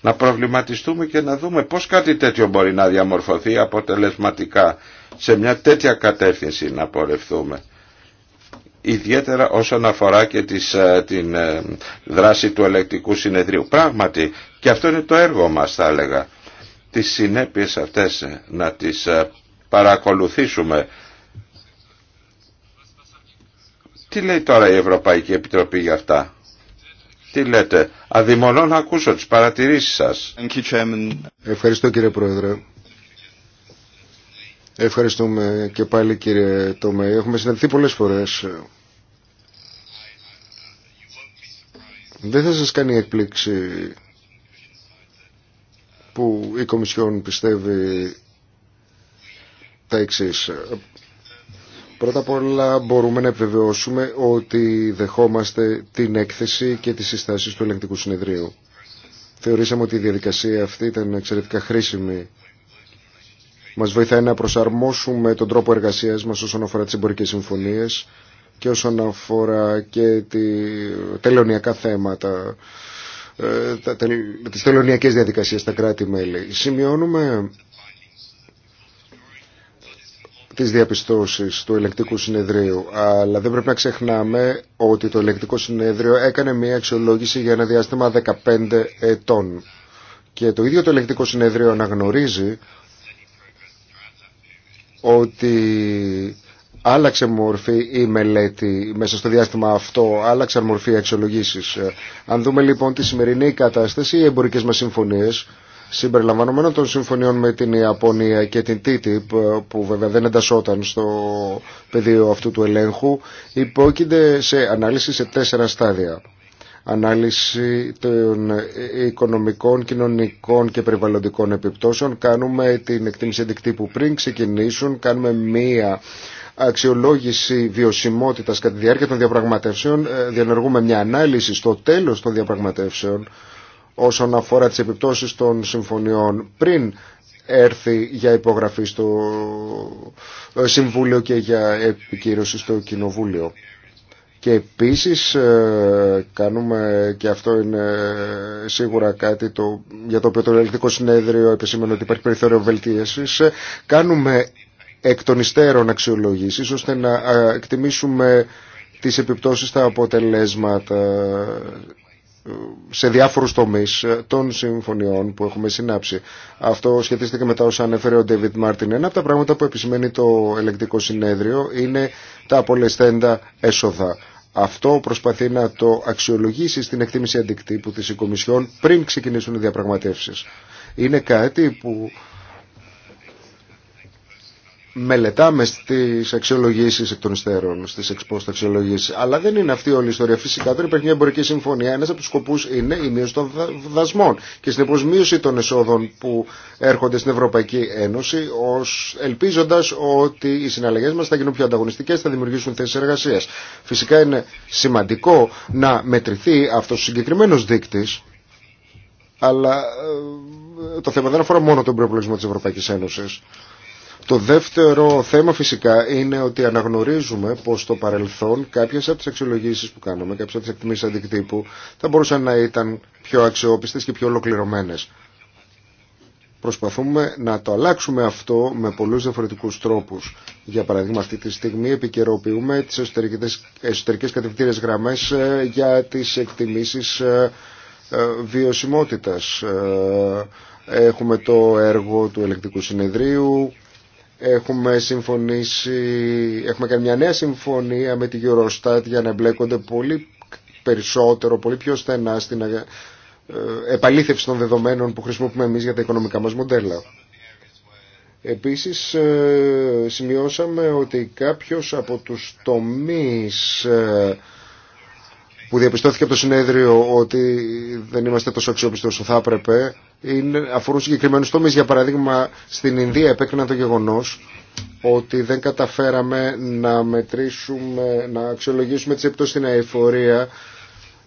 Να προβληματιστούμε και να δούμε πώς κάτι τέτοιο μπορεί να διαμορφωθεί αποτελεσματικά σε μια τέτοια κατεύθυνση να πορευθούμε ιδιαίτερα όσον αφορά και τις, ε, την ε, δράση του ελεκτικού συνεδρίου. Πράγματι, και αυτό είναι το έργο μας θα έλεγα, τις συνέπειες αυτές ε, να τις παρακολουθήσουμε. Τι λέει τώρα η Ευρωπαϊκή Επιτροπή για αυτά. Τι λέτε, αδειμονώ να ακούσω τις παρατηρήσεις σας. Ευχαριστώ κύριε Πρόεδρε. Ευχαριστούμε και πάλι κύριε Τόμε. Έχουμε συναντηθεί πολλές φορές. Δεν θα σας κάνει έκπληξη που η Κομισιόν πιστεύει τα εξή. Πρώτα απ' όλα μπορούμε να επιβεβαιώσουμε ότι δεχόμαστε την έκθεση και τις συστάσεις του ελεγκτικού συνεδρίου. Θεωρήσαμε ότι η διαδικασία αυτή ήταν εξαιρετικά χρήσιμη μας βοηθάει να προσαρμόσουμε τον τρόπο εργασίας μας όσον αφορά τις εμπορικές συμφωνίες και όσον αφορά και τη τελωνιακά θέματα, ε, τα, τις τελωνιακές διαδικασίες στα κράτη-μέλη. Σημειώνουμε τις διαπιστώσεις του ελεκτικού συνεδρίου, αλλά δεν πρέπει να ξεχνάμε ότι το ελεκτικό συνεδρίο έκανε μια αξιολόγηση για ένα διάστημα 15 ετών. Και το ίδιο το ελεκτικό συνεδρίο αναγνωρίζει ότι άλλαξε μορφή η μελέτη μέσα στο διάστημα αυτό, άλλαξαν μορφή οι αξιολογήσεις. Ε, αν δούμε λοιπόν τη σημερινή κατάσταση, οι εμπορικές μας συμφωνίες, συμπεριλαμβανομένων των συμφωνιών με την Ιαπωνία και την TTIP, ε, που βέβαια δεν εντασσόταν στο πεδίο αυτού του ελέγχου, υπόκεινται σε ανάλυση σε τέσσερα στάδια ανάλυση των οικονομικών, κοινωνικών και περιβαλλοντικών επιπτώσεων. Κάνουμε την εκτίμηση που πριν ξεκινήσουν. Κάνουμε μία αξιολόγηση βιωσιμότητας κατά τη διάρκεια των διαπραγματεύσεων. Ε, Διανεργούμε μια ανάλυση στο τέλος των διαπραγματεύσεων όσον αφορά τις επιπτώσεις των συμφωνιών πριν έρθει για υπογραφή στο Συμβούλιο και για επικύρωση στο Κοινοβούλιο. Και επίσης ε, κάνουμε, και αυτό είναι ε, σίγουρα κάτι το, για το οποίο το ελεκτικό συνέδριο επισήμενε ότι υπάρχει περιθώριο βελτίωσης, ε, κάνουμε εκ των υστέρων αξιολογήσεις ώστε να εκτιμήσουμε τις επιπτώσεις, τα αποτελέσματα σε διάφορους τομείς των συμφωνιών που έχουμε συνάψει. Αυτό σχετίζεται και με τα όσα ανέφερε ο David Μάρτιν. Ένα από τα πράγματα που επισημαίνει το Ελεκτικό συνέδριο είναι τα απολεσθέντα έσοδα. Αυτό προσπαθεί να το αξιολογήσει στην εκτίμηση αντικτύπου της Οικομισιόν πριν ξεκινήσουν οι διαπραγματεύσεις. Είναι κάτι που μελετάμε στι αξιολογήσει εκ των υστέρων, στι εξπόστα αξιολογήσει. Αλλά δεν είναι αυτή όλη η ιστορία. Φυσικά όταν υπάρχει μια εμπορική συμφωνία, ένα από του σκοπού είναι η μείωση των δασμών και στην μείωση των εσόδων που έρχονται στην Ευρωπαϊκή Ένωση, ως... ελπίζοντα ότι οι συναλλαγέ μα θα γίνουν πιο ανταγωνιστικέ, θα δημιουργήσουν θέσει εργασία. Φυσικά είναι σημαντικό να μετρηθεί αυτό ο συγκεκριμένο δείκτη, αλλά ε, το θέμα δεν αφορά μόνο τον προπολογισμό της Ευρωπαϊκής Ένωσης. Το δεύτερο θέμα φυσικά είναι ότι αναγνωρίζουμε πως στο παρελθόν κάποιες από τις αξιολογήσεις που κάνουμε κάποιες από τις εκτιμήσεις αντικτύπου θα μπορούσαν να ήταν πιο αξιόπιστες και πιο ολοκληρωμένες. Προσπαθούμε να το αλλάξουμε αυτό με πολλούς διαφορετικούς τρόπους. Για παράδειγμα αυτή τη στιγμή επικαιροποιούμε τις εσωτερικές, εσωτερικές γραμμέ γραμμές ε, για τις εκτιμήσεις ε, ε, βιωσιμότητας. Έχουμε το έργο του ελεκτικού συνεδρίου, Έχουμε συμφωνήσει, έχουμε κάνει μια νέα συμφωνία με τη Eurostat για να εμπλέκονται πολύ περισσότερο, πολύ πιο στενά στην ε, επαλήθευση των δεδομένων που χρησιμοποιούμε εμείς για τα οικονομικά μας μοντέλα. Επίσης ε, σημειώσαμε ότι κάποιος από τους τομείς ε, που διαπιστώθηκε από το συνέδριο ότι δεν είμαστε τόσο αξιόπιστοι όσο θα έπρεπε είναι, αφορούν συγκεκριμένου τομεί. Για παράδειγμα, στην Ινδία επέκριναν το γεγονό ότι δεν καταφέραμε να μετρήσουμε, να αξιολογήσουμε τι επιπτώσει στην αεφορία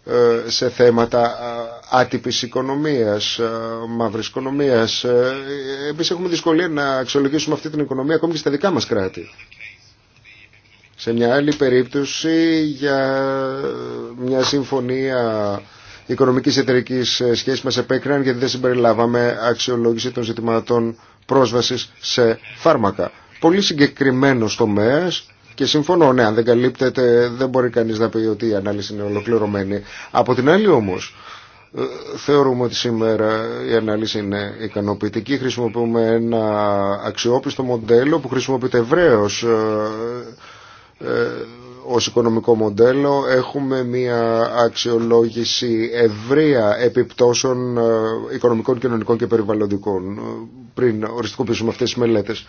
ε, σε θέματα ε, άτυπης οικονομίας, ε, μαύρης οικονομίας. Εμείς έχουμε δυσκολία να αξιολογήσουμε αυτή την οικονομία ακόμη και στα δικά μας κράτη. Σε μια άλλη περίπτωση για μια συμφωνία οικονομικής εταιρικής σχέσης μας επέκριναν γιατί δεν συμπεριλάβαμε αξιολόγηση των ζητημάτων πρόσβασης σε φάρμακα. Πολύ συγκεκριμένος τομέας και συμφωνώ, ναι, αν δεν καλύπτεται δεν μπορεί κανείς να πει ότι η ανάλυση είναι ολοκληρωμένη. Από την άλλη όμως, ε, θεωρούμε ότι σήμερα η ανάλυση είναι ικανοποιητική. Χρησιμοποιούμε ένα αξιόπιστο μοντέλο που χρησιμοποιείται ευρέω ε, ε, ως οικονομικό μοντέλο. Έχουμε μία αξιολόγηση ευρεία επιπτώσεων ε, οικονομικών, κοινωνικών και περιβαλλοντικών ε, πριν οριστικοποιήσουμε αυτές τις μελέτες.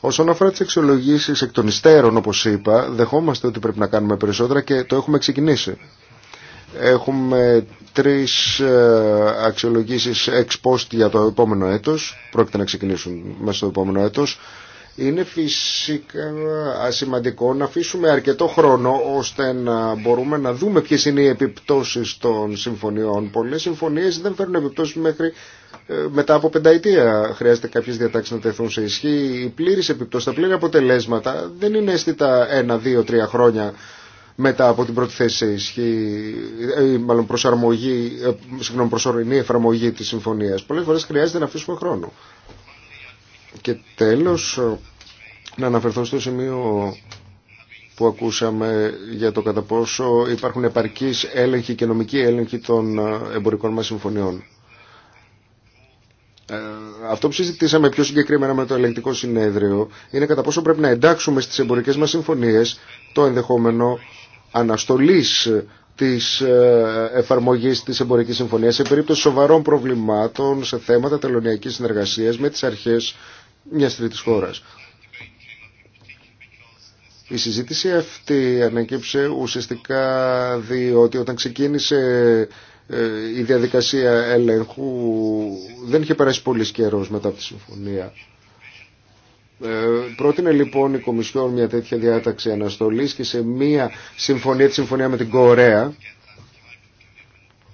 Όσον αφορά τις αξιολογήσει εκ των υστέρων, όπω είπα, δεχόμαστε ότι πρέπει να κάνουμε περισσότερα και το έχουμε ξεκινήσει. Έχουμε τρεις αξιολογήσει ex post για το επόμενο έτος, Πρόκειται να ξεκινήσουν μέσα στο επόμενο έτος είναι φυσικά σημαντικό να αφήσουμε αρκετό χρόνο ώστε να μπορούμε να δούμε ποιες είναι οι επιπτώσεις των συμφωνιών. Πολλές συμφωνίες δεν φέρνουν επιπτώσεις μέχρι ε, μετά από πενταετία. Χρειάζεται κάποιες διατάξεις να τεθούν σε ισχύ. Η πλήρης επιπτώσεις, τα πλήρη αποτελέσματα δεν είναι αίσθητα ένα, δύο, τρία χρόνια μετά από την πρώτη θέση σε ισχύ, ε, ή μάλλον προσαρμογή, ε, συγγνώμη, προσωρινή εφαρμογή της συμφωνίας. Πολλές φορές χρειάζεται να αφήσουμε χρόνο. Και τέλος, να αναφερθώ στο σημείο που ακούσαμε για το κατά πόσο υπάρχουν επαρκείς έλεγχοι και νομικοί έλεγχοι των εμπορικών μας συμφωνιών. Ε, αυτό που συζητήσαμε πιο συγκεκριμένα με το ελεγκτικό συνέδριο είναι κατά πόσο πρέπει να εντάξουμε στις εμπορικές μας συμφωνίες το ενδεχόμενο αναστολής της ε, εφαρμογής της εμπορικής συμφωνίας σε περίπτωση σοβαρών προβλημάτων σε θέματα τελωνιακής συνεργασίας με τις αρχές μια τρίτη χώρα. Η συζήτηση αυτή ανακύψε ουσιαστικά διότι όταν ξεκίνησε ε, η διαδικασία έλεγχου δεν είχε περάσει πολύ καιρό μετά από τη συμφωνία. Ε, πρότεινε λοιπόν η Κομισιόν μια τέτοια διάταξη αναστολής και σε μια συμφωνία, τη συμφωνία με την Κορέα,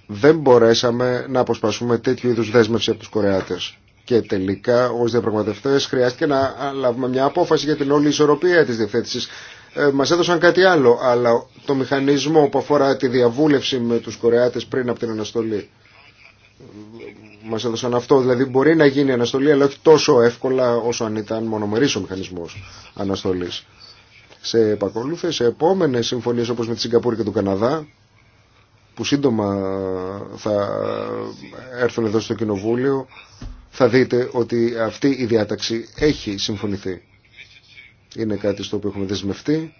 δεν μπορέσαμε να αποσπάσουμε τέτοιου είδους δέσμευση από τους Κορεάτες. Και τελικά ω διαπραγματευτέ, χρειάστηκε να λάβουμε μια απόφαση για την όλη ισορροπία τη διευθέτηση. Ε, μας έδωσαν κάτι άλλο, αλλά το μηχανισμό που αφορά τη διαβούλευση με του κορεάτε πριν από την αναστολή. Μα έδωσαν αυτό, δηλαδή μπορεί να γίνει αναστολή, αλλά όχι τόσο εύκολα όσο αν ήταν μονομερή ο μηχανισμό αναστολή. Σε επακολούθε, σε επόμενε συμφωνίε όπως με τη Σιγκαπούρη και τον Καναδά, που σύντομα θα έρθουν εδώ στο Κοινοβούλιο, θα δείτε ότι αυτή η διάταξη έχει συμφωνηθεί. Είναι κάτι στο οποίο έχουμε δεσμευτεί.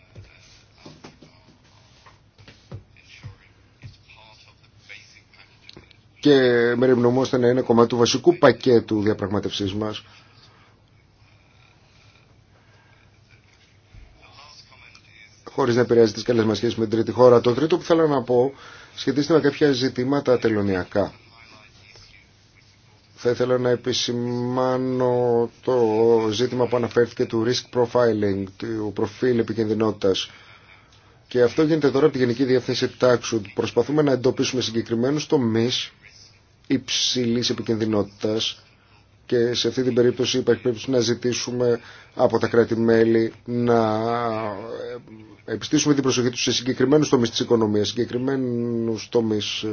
Και μεριμνομώστε να είναι κομμάτι του βασικού πακέτου διαπραγματευσής μας. Χωρί να επηρεάζει τις καλές μας σχέσεις με την τρίτη χώρα. Το τρίτο που θέλω να πω σχετίζεται με κάποια ζητήματα τελωνιακά. Θα ήθελα να επισημάνω το ζήτημα που αναφέρθηκε του risk profiling, του προφίλ επικινδυνότητας. Και αυτό γίνεται τώρα από τη Γενική Διεύθυνση Τάξου. Προσπαθούμε να εντοπίσουμε συγκεκριμένους τομείς υψηλή επικινδυνότητας και σε αυτή την περίπτωση υπάρχει περίπτωση να ζητήσουμε από τα κράτη-μέλη να ε, επιστήσουμε την προσοχή τους σε συγκεκριμένους τομείς της οικονομίας, συγκεκριμένους τομείς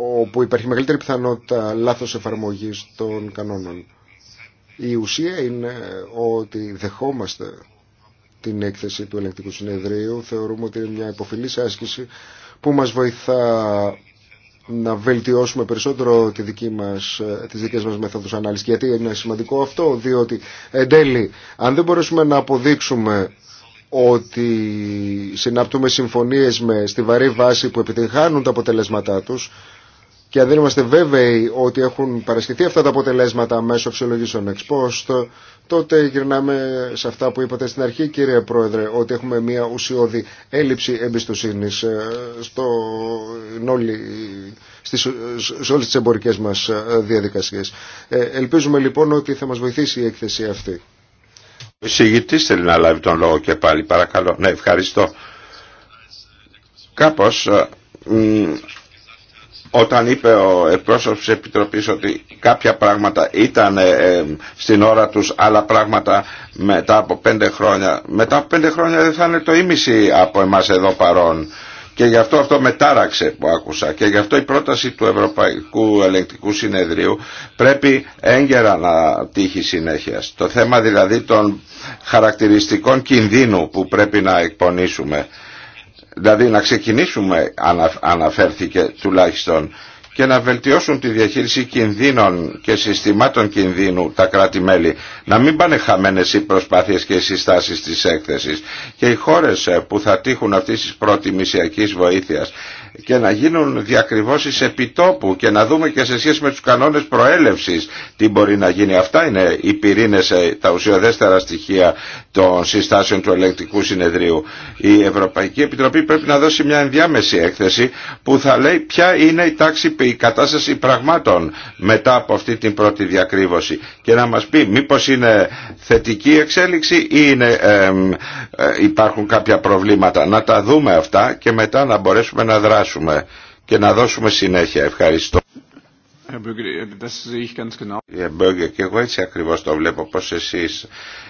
όπου υπάρχει μεγαλύτερη πιθανότητα λάθος εφαρμογής των κανόνων. Η ουσία είναι ότι δεχόμαστε την έκθεση του ελεγκτικού συνεδρίου. Θεωρούμε ότι είναι μια υποφιλής άσκηση που μας βοηθά να βελτιώσουμε περισσότερο τη δική μας, τις δικές μας μέθοδους ανάλυσης. Γιατί είναι σημαντικό αυτό, διότι εν τέλει, αν δεν μπορέσουμε να αποδείξουμε ότι συνάπτουμε συμφωνίες με βαρύ βάση που επιτυγχάνουν τα αποτελέσματά τους, και αν δεν είμαστε βέβαιοι ότι έχουν παρασχεθεί αυτά τα αποτελέσματα μέσω αξιολογήσεων ex τότε γυρνάμε σε αυτά που είπατε στην αρχή, κύριε Πρόεδρε, ότι έχουμε μια ουσιώδη έλλειψη εμπιστοσύνη ε, στο... στις... σε όλε τι εμπορικέ μα ε, διαδικασίε. Ε, ελπίζουμε λοιπόν ότι θα μα βοηθήσει η έκθεση αυτή. Ο θέλει να λάβει τον λόγο και πάλι, παρακαλώ. Ναι, ευχαριστώ. Κάπως όταν είπε ο εκπρόσωπος της Επιτροπής ότι κάποια πράγματα ήταν ε, ε, στην ώρα τους, άλλα πράγματα μετά από πέντε χρόνια. Μετά από πέντε χρόνια δεν θα είναι το ίμιση από εμάς εδώ παρόν. Και γι' αυτό αυτό μετάραξε που άκουσα και γι' αυτό η πρόταση του Ευρωπαϊκού Ελεγκτικού Συνεδρίου πρέπει έγκαιρα να τύχει συνέχεια. Το θέμα δηλαδή των χαρακτηριστικών κινδύνου που πρέπει να εκπονήσουμε δηλαδή να ξεκινήσουμε αναφέρθηκε τουλάχιστον και να βελτιώσουν τη διαχείριση κινδύνων και συστημάτων κινδύνου τα κράτη-μέλη. Να μην πάνε χαμένε οι προσπάθειες και οι συστάσεις της έκθεσης. Και οι χώρες ε, που θα τύχουν αυτής της προτιμησιακής βοήθειας και να γίνουν διακριβώσεις επιτόπου και να δούμε και σε σχέση με τους κανόνες προέλευσης τι μπορεί να γίνει. Αυτά είναι οι πυρήνες, ε, τα ουσιοδέστερα στοιχεία των συστάσεων του ελεγκτικού συνεδρίου. Η Ευρωπαϊκή Επιτροπή πρέπει να δώσει μια ενδιάμεση έκθεση που θα λέει ποια είναι η τάξη η κατάσταση πραγμάτων μετά από αυτή την πρώτη διακρύβωση και να μας πει μήπως είναι θετική εξέλιξη ή είναι, ε, υπάρχουν κάποια προβλήματα. Να τα δούμε αυτά και μετά να μπορέσουμε να δράσουμε και να δώσουμε συνέχεια. Ευχαριστώ. Äh, Κύριε και εγώ έτσι ακριβώς το βλέπω πως εσείς.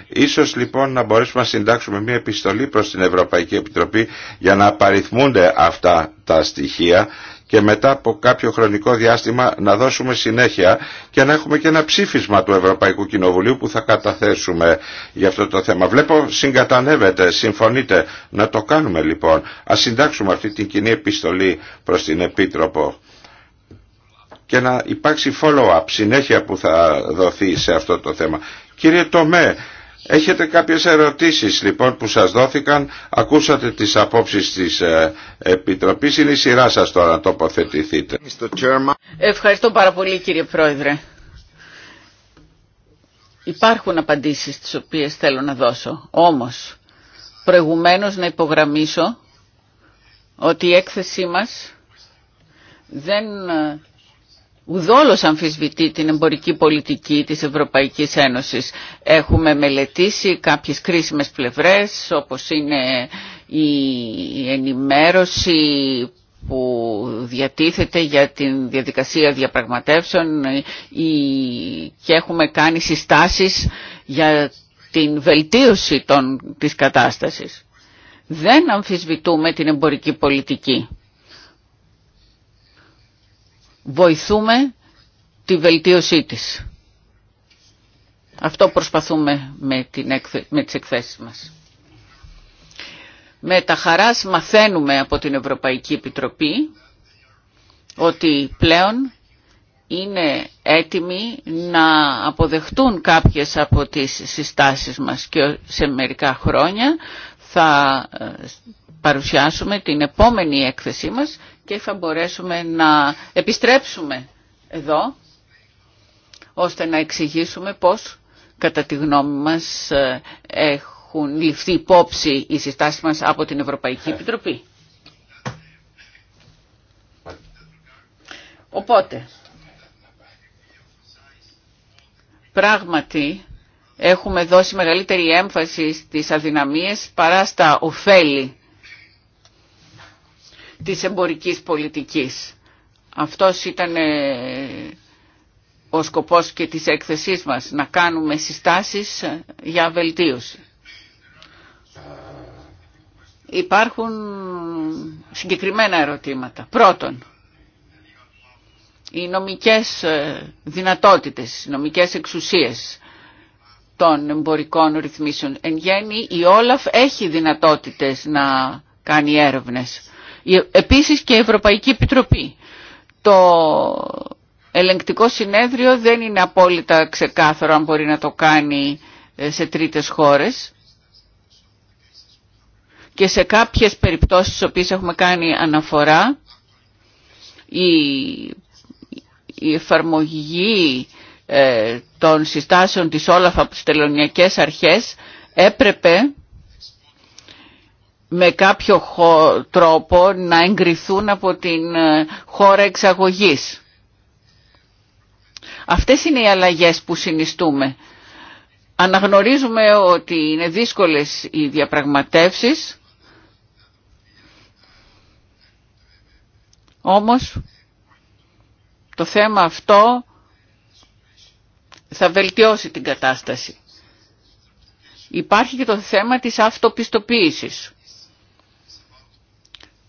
Ίσως λοιπόν να μπορέσουμε να συντάξουμε μια επιστολή προς την Ευρωπαϊκή Επιτροπή για να απαριθμούνται αυτά τα στοιχεία και μετά από κάποιο χρονικό διάστημα να δώσουμε συνέχεια και να έχουμε και ένα ψήφισμα του Ευρωπαϊκού Κοινοβουλίου που θα καταθέσουμε για αυτό το θέμα. Βλέπω συγκατανεύεται, συμφωνείτε να το κάνουμε λοιπόν. Ας συντάξουμε αυτή την κοινή επιστολή προς την Επίτροπο και να υπάρξει follow-up, συνέχεια που θα δοθεί σε αυτό το θέμα. Κύριε Τομέ, Έχετε κάποιες ερωτήσεις λοιπόν που σας δόθηκαν, ακούσατε τις απόψεις της ε, Επιτροπής, είναι η σειρά σας τώρα να τοποθετηθείτε. Ευχαριστώ πάρα πολύ κύριε Πρόεδρε. Υπάρχουν απαντήσεις τις οποίες θέλω να δώσω, όμως προηγουμένως να υπογραμμίσω ότι η έκθεσή μας δεν ε, ουδόλως αμφισβητεί την εμπορική πολιτική της Ευρωπαϊκής Ένωσης. Έχουμε μελετήσει κάποιες κρίσιμες πλευρές όπως είναι η ενημέρωση που διατίθεται για την διαδικασία διαπραγματεύσεων και έχουμε κάνει συστάσεις για την βελτίωση των, της κατάστασης. Δεν αμφισβητούμε την εμπορική πολιτική βοηθούμε τη βελτίωσή της. Αυτό προσπαθούμε με, την, με τις εκθέσεις μας. Με τα χαράς μαθαίνουμε από την Ευρωπαϊκή Επιτροπή ότι πλέον είναι έτοιμοι να αποδεχτούν κάποιες από τις συστάσεις μας και σε μερικά χρόνια θα ε, παρουσιάσουμε την επόμενη έκθεσή μας και θα μπορέσουμε να επιστρέψουμε εδώ ώστε να εξηγήσουμε πώς κατά τη γνώμη μας ε, έχουν ληφθεί υπόψη οι συστάσεις μας από την Ευρωπαϊκή Επιτροπή. Οπότε, πράγματι έχουμε δώσει μεγαλύτερη έμφαση στις αδυναμίες παρά στα ωφέλη της εμπορικής πολιτικής. Αυτός ήταν ε, ο σκοπός και της έκθεσής μας, να κάνουμε συστάσεις ε, για βελτίωση. Υπάρχουν συγκεκριμένα ερωτήματα. Πρώτον, οι νομικές ε, δυνατότητες, οι νομικές εξουσίες των εμπορικών ρυθμίσεων. Εν γέννη η Όλαφ έχει δυνατότητες να κάνει έρευνες. Επίσης και η Ευρωπαϊκή Επιτροπή. Το ελεγκτικό συνέδριο δεν είναι απόλυτα ξεκάθαρο αν μπορεί να το κάνει ε, σε τρίτες χώρες και σε κάποιες περιπτώσεις στις οποίες έχουμε κάνει αναφορά η, εφαρμογή ε, των συστάσεων της Όλαφ από τις τελωνιακές αρχές έπρεπε με κάποιο τρόπο να εγκριθούν από την ε, χώρα εξαγωγής. Αυτές είναι οι αλλαγές που συνιστούμε. Αναγνωρίζουμε ότι είναι δύσκολες οι διαπραγματεύσεις, όμως το θέμα αυτό θα βελτιώσει την κατάσταση. Υπάρχει και το θέμα της αυτοπιστοποίησης.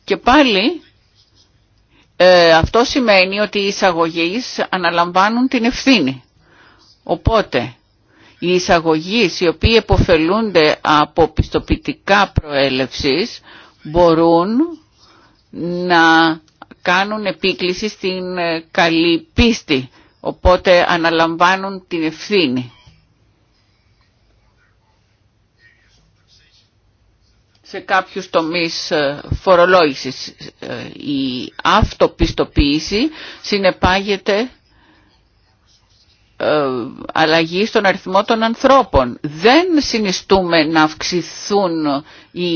Και πάλι ε, αυτό σημαίνει ότι οι εισαγωγείς αναλαμβάνουν την ευθύνη. Οπότε οι εισαγωγείς οι οποίοι εποφελούνται από πιστοποιητικά προέλευσης μπορούν να κάνουν επίκληση στην ε, καλή πίστη. Οπότε αναλαμβάνουν την ευθύνη. σε κάποιους τομείς ε, φορολόγησης. Ε, η αυτοπιστοποίηση συνεπάγεται ε, αλλαγή στον αριθμό των ανθρώπων. Δεν συνιστούμε να αυξηθούν οι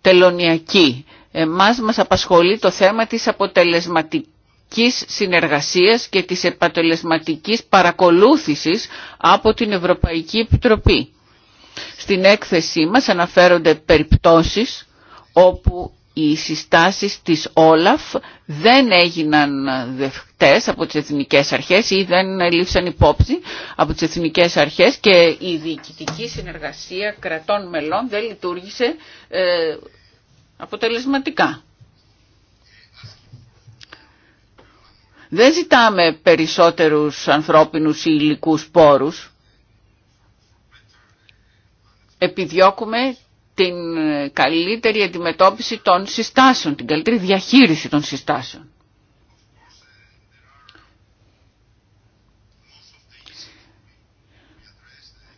τελωνιακοί. Εμάς μας απασχολεί το θέμα της αποτελεσματικής συνεργασίας και της επατελεσματικής παρακολούθησης από την Ευρωπαϊκή Επιτροπή. Στην έκθεσή μας αναφέρονται περιπτώσεις όπου οι συστάσεις της Όλαφ δεν έγιναν δεχτές από τις εθνικές αρχές ή δεν λήφθησαν υπόψη από τις εθνικές αρχές και η διοικητική συνεργασία κρατών μελών δεν λειτουργήσε ε, αποτελεσματικά. Δεν ζητάμε περισσότερους ανθρώπινους ή υλικούς πόρους επιδιώκουμε την καλύτερη αντιμετώπιση των συστάσεων, την καλύτερη διαχείριση των συστάσεων.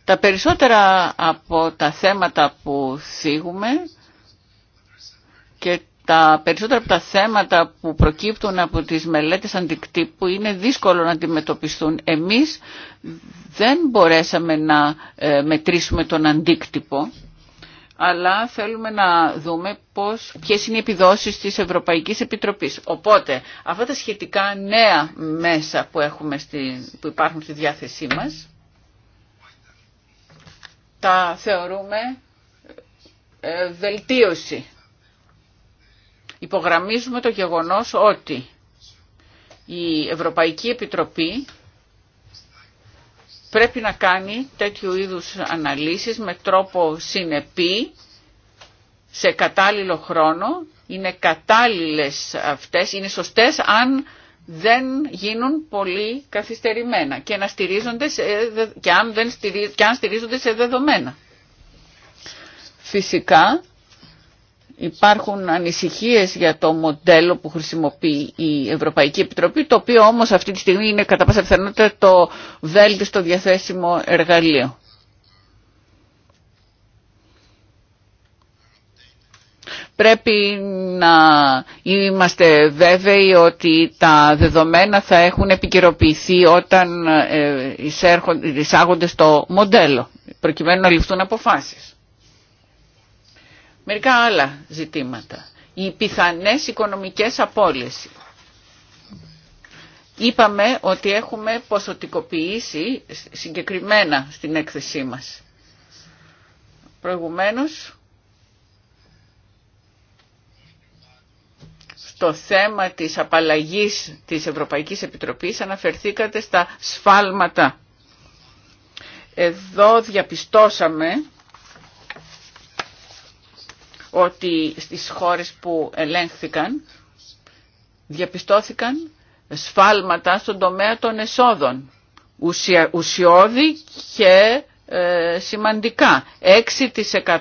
Τα περισσότερα από τα θέματα που θίγουμε και τα περισσότερα από τα θέματα που προκύπτουν από τις μελέτες αντικτύπου είναι δύσκολο να αντιμετωπιστούν. Εμείς δεν μπορέσαμε να ε, μετρήσουμε τον αντίκτυπο, αλλά θέλουμε να δούμε πώς, ποιες είναι οι επιδόσεις της Ευρωπαϊκής Επιτροπής. Οπότε, αυτά τα σχετικά νέα μέσα που, έχουμε στη, που υπάρχουν στη διάθεσή μας, τα θεωρούμε ε, βελτίωση υπογραμμίζουμε το γεγονός ότι η Ευρωπαϊκή Επιτροπή πρέπει να κάνει τέτοιου είδους αναλύσεις με τρόπο συνεπή σε κατάλληλο χρόνο. Είναι κατάλληλες αυτές, είναι σωστές αν δεν γίνουν πολύ καθυστερημένα και, να και, αν δεν και αν στηρίζονται σε δεδομένα. Φυσικά Υπάρχουν ανησυχίες για το μοντέλο που χρησιμοποιεί η Ευρωπαϊκή Επιτροπή, το οποίο όμως αυτή τη στιγμή είναι κατά πάσα πιθανότητα το βέλτιστο διαθέσιμο εργαλείο. πρέπει να είμαστε βέβαιοι ότι τα δεδομένα θα έχουν επικαιροποιηθεί όταν ε, εισάγονται στο μοντέλο, προκειμένου να ληφθούν αποφάσεις. Μερικά άλλα ζητήματα. Οι πιθανές οικονομικές απώλειες. Είπαμε ότι έχουμε ποσοτικοποιήσει συγκεκριμένα στην έκθεσή μας. Προηγουμένως, στο θέμα της απαλλαγής της Ευρωπαϊκής Επιτροπής αναφερθήκατε στα σφάλματα. Εδώ διαπιστώσαμε ότι στις χώρες που ελέγχθηκαν διαπιστώθηκαν σφάλματα στον τομέα των εσόδων, ουσιώδη και ε, σημαντικά. 6%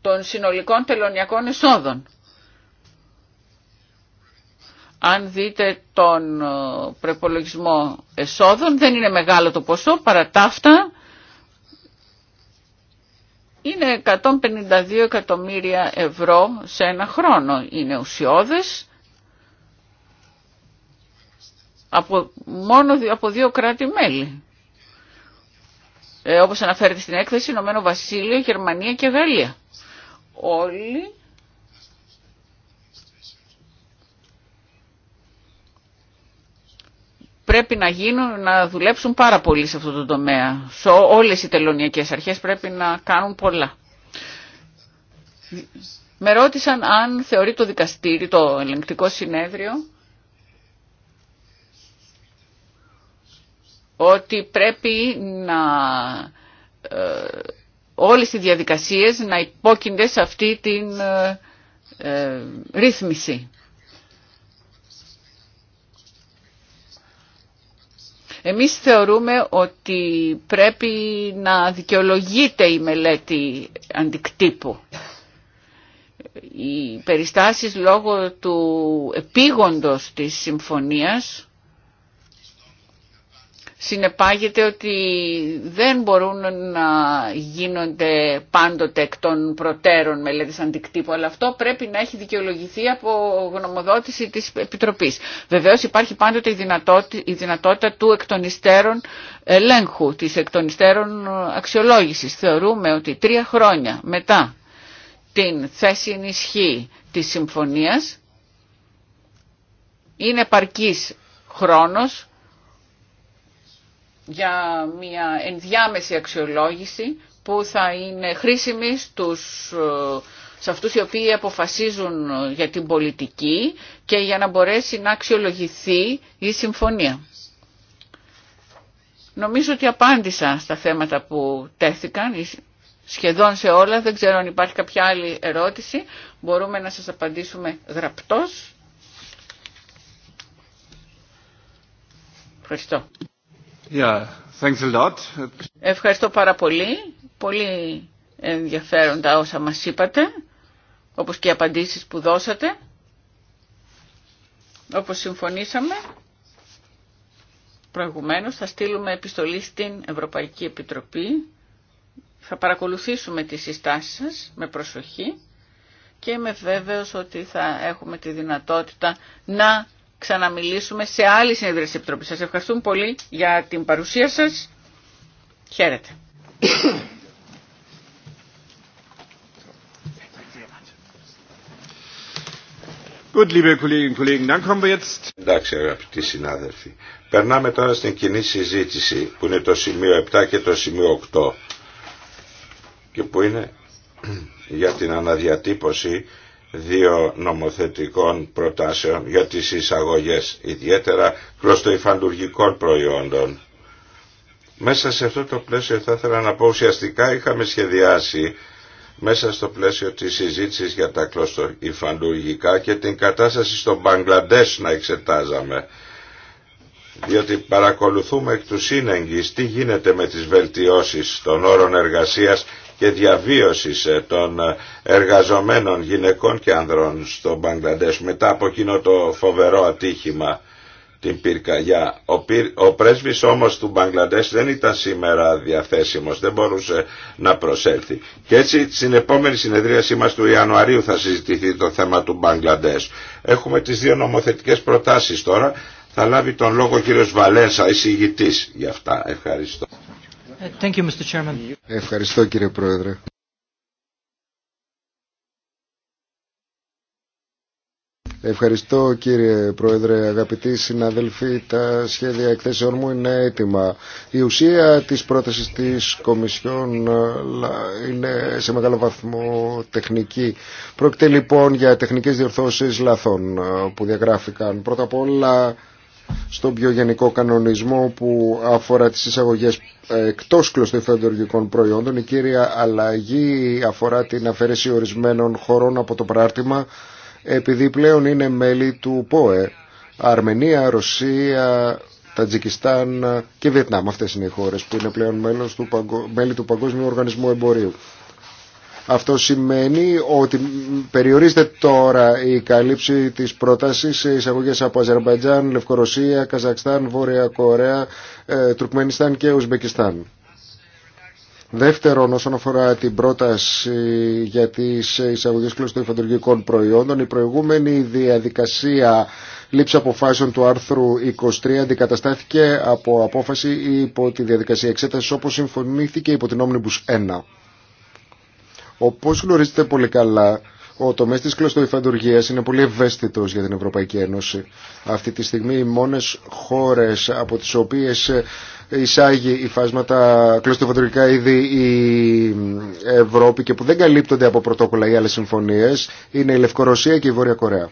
των συνολικών τελωνιακών εσόδων. Αν δείτε τον ε, προπολογισμό εσόδων, δεν είναι μεγάλο το ποσό, παρά τα αυτά είναι 152 εκατομμύρια ευρώ σε ένα χρόνο. Είναι ουσιώδες από, μόνο από δύο κράτη-μέλη. Ε, όπως αναφέρεται στην έκθεση, Ηνωμένο Βασίλειο, Γερμανία και Γαλλία. Όλοι πρέπει να γίνουν, να δουλέψουν πάρα πολύ σε αυτό το τομέα. Σε όλες οι τελωνιακές αρχές πρέπει να κάνουν πολλά. Με ρώτησαν αν θεωρεί το δικαστήριο, το ελεγκτικό συνέδριο, ότι πρέπει να ε, όλες οι διαδικασίες να υπόκεινται σε αυτή την ε, ε, ρύθμιση. Εμείς θεωρούμε ότι πρέπει να δικαιολογείται η μελέτη αντικτύπου. Οι περιστάσεις λόγω του επίγοντος της συμφωνίας συνεπάγεται ότι δεν μπορούν να γίνονται πάντοτε εκ των προτέρων μελέτες αντικτύπου, αλλά αυτό πρέπει να έχει δικαιολογηθεί από γνωμοδότηση της Επιτροπής. Βεβαίως υπάρχει πάντοτε η δυνατότητα, η δυνατότητα του εκ των υστέρων ελέγχου, της εκ των υστέρων αξιολόγησης. Θεωρούμε ότι τρία χρόνια μετά την θέση ενισχύ της συμφωνίας είναι επαρκής χρόνος για μια ενδιάμεση αξιολόγηση που θα είναι χρήσιμη στους, ε, σε αυτούς οι οποίοι αποφασίζουν για την πολιτική και για να μπορέσει να αξιολογηθεί η συμφωνία. Νομίζω ότι απάντησα στα θέματα που τέθηκαν, σχεδόν σε όλα. Δεν ξέρω αν υπάρχει κάποια άλλη ερώτηση. Μπορούμε να σας απαντήσουμε γραπτός. Ευχαριστώ. Ευχαριστώ πάρα πολύ. Πολύ ενδιαφέροντα όσα μας είπατε, όπως και οι απαντήσεις που δώσατε, όπως συμφωνήσαμε. Προηγουμένως θα στείλουμε επιστολή στην Ευρωπαϊκή Επιτροπή. Θα παρακολουθήσουμε τις συστάσεις σας με προσοχή και είμαι βέβαιος ότι θα έχουμε τη δυνατότητα να ξαναμιλήσουμε σε άλλη συνεδρία της Επιτροπής. Σας ευχαριστούμε πολύ για την παρουσία σας. Χαίρετε. Gut, liebe Kolleginnen und Kollegen, dann kommen wir jetzt. Εντάξει, αγαπητοί συνάδελφοι. Περνάμε τώρα στην κοινή συζήτηση που είναι το σημείο 7 και το σημείο 8 και που είναι [clears throat] για την αναδιατύπωση δύο νομοθετικών προτάσεων για τις εισαγωγές, ιδιαίτερα προς το προϊόντων. Μέσα σε αυτό το πλαίσιο θα ήθελα να πω ουσιαστικά είχαμε σχεδιάσει μέσα στο πλαίσιο της συζήτησης για τα κλωστοϊφαντουργικά και την κατάσταση στο Μπαγκλαντές να εξετάζαμε. Διότι παρακολουθούμε εκ του σύνεγγυς τι γίνεται με τις βελτιώσεις των όρων εργασίας και διαβίωσης ε, των ε, εργαζομένων γυναικών και ανδρών στο Μπαγκλαντές μετά από εκείνο το φοβερό ατύχημα την πυρκαγιά. Ο, πυρ, ο πρέσβης όμως του Μπαγκλαντές δεν ήταν σήμερα διαθέσιμος, δεν μπορούσε να προσέλθει. Και έτσι στην επόμενη συνεδρίασή μας του Ιανουαρίου θα συζητηθεί το θέμα του Μπαγκλαντές. Έχουμε τις δύο νομοθετικές προτάσεις τώρα. Θα λάβει τον λόγο ο κύριος Βαλένσα, εισηγητής για αυτά. Ευχαριστώ. Ευχαριστώ κύριε Πρόεδρε. Ευχαριστώ κύριε Πρόεδρε, αγαπητοί συναδελφοί, τα σχέδια εκθέσεων μου είναι έτοιμα. Η ουσία της πρότασης της Κομισιόν είναι σε μεγάλο βαθμό τεχνική. Πρόκειται λοιπόν για τεχνικές διορθώσεις λαθών ε, που διαγράφηκαν. Πρώτα απ' όλα στον πιο γενικό κανονισμό που αφορά τις εισαγωγές εκτός κλωστοϊφαντοργικών προϊόντων. Η κύρια αλλαγή αφορά την αφαίρεση ορισμένων χωρών από το πράρτημα επειδή πλέον είναι μέλη του ΠΟΕ. Αρμενία, Ρωσία, Τατζικιστάν και Βιετνάμ. Αυτές είναι οι χώρες που είναι πλέον μέλη του Παγκόσμιου Οργανισμού Εμπορίου. Αυτό σημαίνει ότι περιορίζεται τώρα η καλύψη της πρότασης σε εισαγωγές από Αζερμπαϊτζάν, Λευκορωσία, Καζακστάν, Βόρεια Κορέα, ε, Τουρκμενιστάν και Ουσμπεκιστάν. Δεύτερον, όσον αφορά την πρόταση για τις εισαγωγές υφαντουργικών προϊόντων, η προηγούμενη διαδικασία λήψη αποφάσεων του άρθρου 23 αντικαταστάθηκε από απόφαση υπό τη διαδικασία εξέταση όπως συμφωνήθηκε υπό την Omnibus 1. Όπως γνωρίζετε πολύ καλά, ο τομέα τη κλωστοϊφαντουργία είναι πολύ ευαίσθητο για την Ευρωπαϊκή Ένωση. Αυτή τη στιγμή οι μόνε χώρε από τι οποίε εισάγει υφάσματα κλωστοϊφαντουργικά ήδη η Ευρώπη και που δεν καλύπτονται από πρωτόκολλα ή άλλε συμφωνίε είναι η Λευκορωσία και η Βόρεια Κορέα.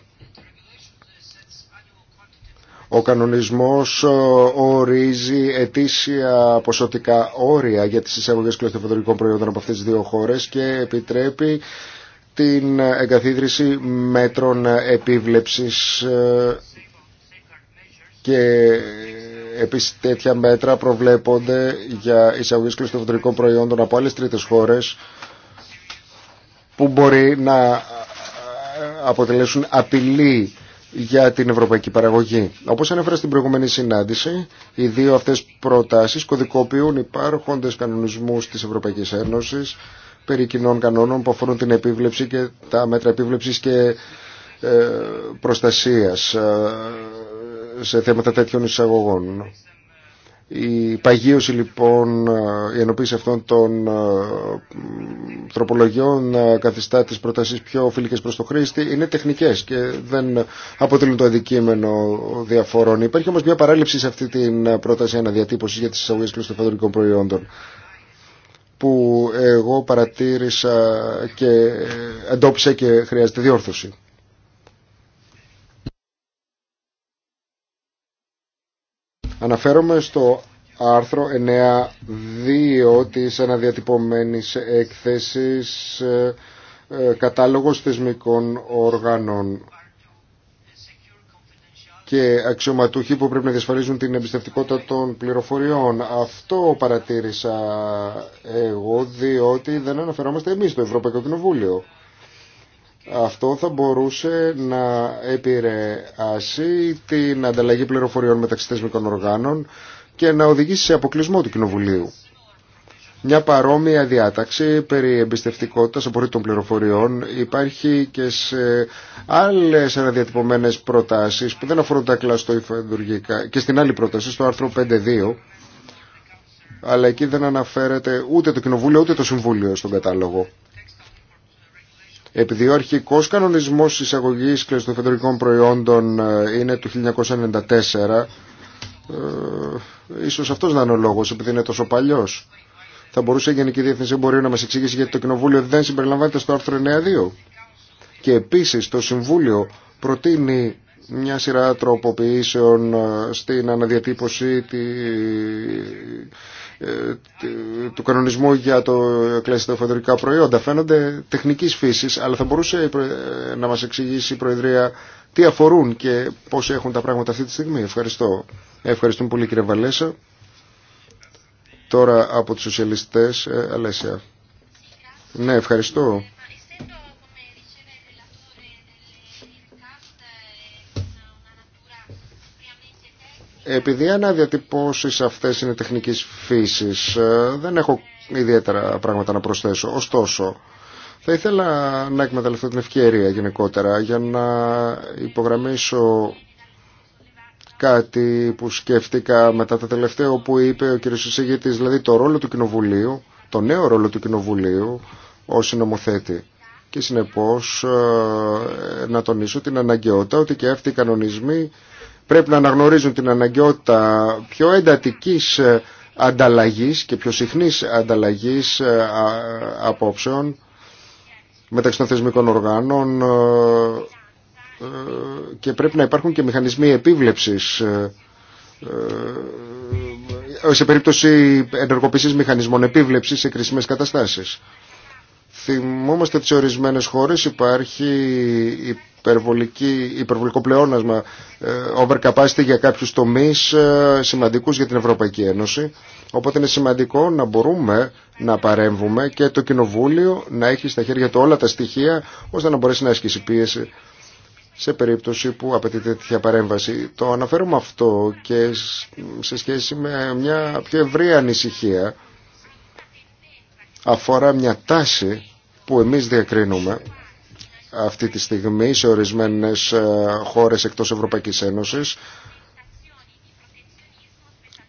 Ο κανονισμός ε, ορίζει ετήσια ποσοτικά όρια για τις εισαγωγές κλωστοφοδορικών προϊόντων από αυτές τις δύο χώρες και επιτρέπει την εγκαθίδρυση μέτρων επίβλεψης ε, και επίσης τέτοια μέτρα προβλέπονται για εισαγωγές κλωστοφοδορικών προϊόντων από άλλες τρίτες χώρες που μπορεί να αποτελέσουν απειλή για την ευρωπαϊκή παραγωγή. Όπως ανέφερα στην προηγούμενη συνάντηση, οι δύο αυτές προτάσεις κωδικοποιούν υπάρχοντες κανονισμούς της Ευρωπαϊκής Ένωσης περί κοινών κανόνων που αφορούν την επίβλεψη και τα μέτρα επίβλεψης και ε, προστασίας ε, σε θέματα τέτοιων εισαγωγών. Η παγίωση λοιπόν, ε, η ενοποίηση αυτών των ε, τροπολογιών ε, καθιστά τις προτάσεις πιο φιλικές προς το χρήστη είναι τεχνικές και δεν αποτελούν το αντικείμενο διαφορών. Υπάρχει όμως μια παράληψη σε αυτή την πρόταση αναδιατύπωση για τις εισαγωγές κλωστοφαδρικών προϊόντων που εγώ παρατήρησα και εντόπισα και χρειάζεται διόρθωση. Αναφέρομαι στο άρθρο 9.2 της αναδιατυπωμένης έκθεσης ε, ε, κατάλογος θεσμικών οργανών και αξιωματούχοι που πρέπει να διασφαλίζουν την εμπιστευτικότητα των πληροφοριών. Αυτό παρατήρησα εγώ, διότι δεν αναφερόμαστε εμείς στο Ευρωπαϊκό Κοινοβούλιο. Αυτό θα μπορούσε να επηρεάσει την ανταλλαγή πληροφοριών μεταξύ θεσμικών οργάνων και να οδηγήσει σε αποκλεισμό του Κοινοβουλίου. Μια παρόμοια διάταξη περί εμπιστευτικότητας απορρίτων πληροφοριών υπάρχει και σε άλλες αναδιατυπωμένες προτάσεις που δεν αφορούν τα κλαστοϊφαντουργικά και στην άλλη πρόταση, στο άρθρο 5.2, αλλά εκεί δεν αναφέρεται ούτε το Κοινοβούλιο ούτε το Συμβούλιο στον κατάλογο. Επειδή ο αρχικός κανονισμός εισαγωγής κλωστοφεντρικών προϊόντων ε, είναι του 1994, ε, ίσως αυτός να είναι ο λόγος, επειδή είναι τόσο παλιός. Θα μπορούσε η Γενική Διεθνή Εμπορίου να μας εξηγήσει γιατί το Κοινοβούλιο δεν συμπεριλαμβάνεται στο άρθρο 9.2. Και επίσης το Συμβούλιο προτείνει μια σειρά τροποποιήσεων ε, στην αναδιατύπωση ε, τη, του κανονισμού για το κλασιτοφοδρικά προϊόντα. Φαίνονται τεχνικής φύσης, αλλά θα μπορούσε να μας εξηγήσει η Προεδρία τι αφορούν και πώς έχουν τα πράγματα αυτή τη στιγμή. Ευχαριστώ. Ευχαριστούμε πολύ κύριε Βαλέσα. Τώρα από τους σοσιαλιστές, ε, Αλέσια. Ναι, ευχαριστώ. Επειδή οι αναδιατυπώσεις αυτές είναι τεχνικής φύσης, ε, δεν έχω ιδιαίτερα πράγματα να προσθέσω. Ωστόσο, θα ήθελα να εκμεταλλευτώ την ευκαιρία γενικότερα για να υπογραμμίσω κάτι που σκέφτηκα μετά το τελευταίο που είπε ο κ. Συσίγητης, δηλαδή το ρόλο του Κοινοβουλίου, το νέο ρόλο του Κοινοβουλίου ως συνομοθέτη. Και συνεπώς ε, να τονίσω την αναγκαιότητα ότι και αυτοί οι κανονισμοί πρέπει να αναγνωρίζουν την αναγκαιότητα πιο εντατικής ε, ανταλλαγής και πιο συχνής ανταλλαγής ε, απόψεων μεταξύ των θεσμικών οργάνων ε, και πρέπει να υπάρχουν και μηχανισμοί επίβλεψης σε περίπτωση ενεργοποίησης μηχανισμών επίβλεψης σε κρίσιμες καταστάσεις. Θυμόμαστε ότι σε ορισμένες χώρες υπάρχει υπερβολική, υπερβολικό πλεόνασμα ε, overcapacity για κάποιους τομείς ε, σημαντικούς για την Ευρωπαϊκή Ένωση. Οπότε είναι σημαντικό να μπορούμε να παρέμβουμε και το Κοινοβούλιο να έχει στα χέρια του όλα τα στοιχεία ώστε να μπορέσει να ασκήσει πίεση σε περίπτωση που απαιτείται τέτοια παρέμβαση. Το αναφέρουμε αυτό και σε σχέση με μια πιο ευρία ανησυχία αφορά μια τάση που εμείς διακρίνουμε αυτή τη στιγμή σε ορισμένες ε, χώρες εκτός Ευρωπαϊκής Ένωσης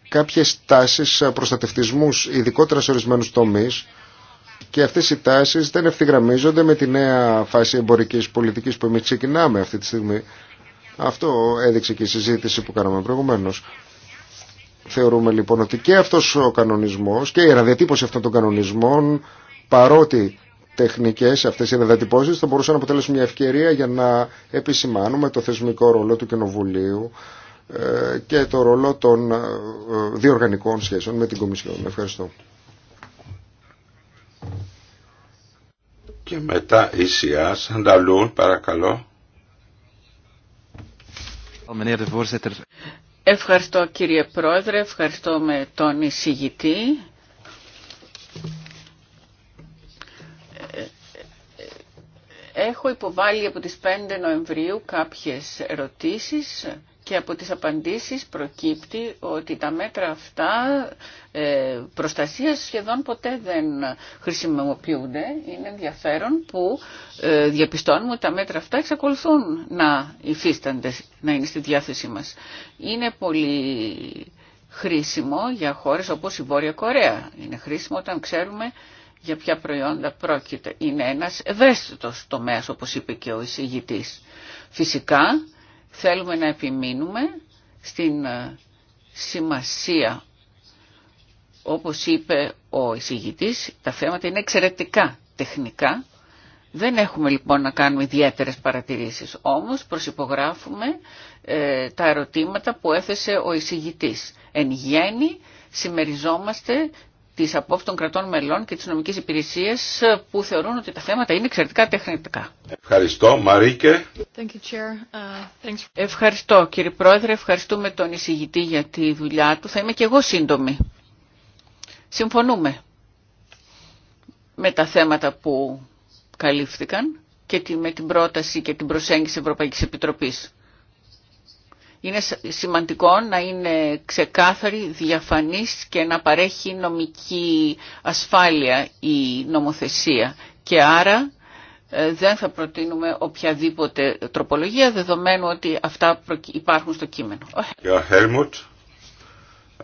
κάποιες τάσεις προστατευτισμούς ειδικότερα σε ορισμένους τομείς και αυτές οι τάσεις δεν ευθυγραμμίζονται με τη νέα φάση εμπορικής πολιτικής που εμείς ξεκινάμε αυτή τη στιγμή. Αυτό έδειξε και η συζήτηση που κάναμε προηγουμένως. Θεωρούμε λοιπόν ότι και αυτός ο κανονισμός και η ραδιατύπωση αυτών των κανονισμών παρότι τεχνικές αυτές οι ραδιατυπώσεις θα μπορούσαν να αποτελέσουν μια ευκαιρία για να επισημάνουμε το θεσμικό ρόλο του Κοινοβουλίου ε, και το ρόλο των ε, διοργανικών σχέσεων με την Κομισιόν. Ευχαριστώ. Και μετά η ΣΥΑΣ. Ανταλούν, παρακαλώ. Ευχαριστώ κύριε Πρόεδρε, ευχαριστώ με τον εισηγητή. Ε, ε, ε, έχω υποβάλει από τις 5 Νοεμβρίου κάποιες ερωτήσεις και από τις απαντήσεις προκύπτει ότι τα μέτρα αυτά ε, προστασίας σχεδόν ποτέ δεν χρησιμοποιούνται. Είναι ενδιαφέρον που ε, διαπιστώνουμε ότι τα μέτρα αυτά εξακολουθούν να υφίστανται, να είναι στη διάθεσή μας. Είναι πολύ χρήσιμο για χώρες όπως η Βόρεια Κορέα. Είναι χρήσιμο όταν ξέρουμε για ποια προϊόντα πρόκειται. Είναι ένας ευαίσθητος τομέας όπως είπε και ο εισηγητής. Φυσικά Θέλουμε να επιμείνουμε στην ε, σημασία. Όπως είπε ο εισηγητής, τα θέματα είναι εξαιρετικά τεχνικά. Δεν έχουμε λοιπόν να κάνουμε ιδιαίτερες παρατηρήσεις, όμως προσυπογράφουμε ε, τα ερωτήματα που έθεσε ο εισηγητής. Εν γέννη συμμεριζόμαστε τις απόψεις των κρατών μελών και τις νομικές υπηρεσίας ε, που θεωρούν ότι τα θέματα είναι εξαιρετικά τεχνητικά. Ευχαριστώ. Μαρίκε. Thank you, Chair. Uh, thanks. Ευχαριστώ κύριε Πρόεδρε, ευχαριστούμε τον εισηγητή για τη δουλειά του. Θα είμαι και εγώ σύντομη. Συμφωνούμε με τα θέματα που καλύφθηκαν και με την πρόταση και την προσέγγιση Ευρωπαϊκής Επιτροπής. Είναι σημαντικό να είναι ξεκάθαρη, διαφανής και να παρέχει νομική ασφάλεια η νομοθεσία. Και άρα ε, δεν θα προτείνουμε οποιαδήποτε τροπολογία, δεδομένου ότι αυτά υπάρχουν στο κείμενο. ο Χέλμουτ,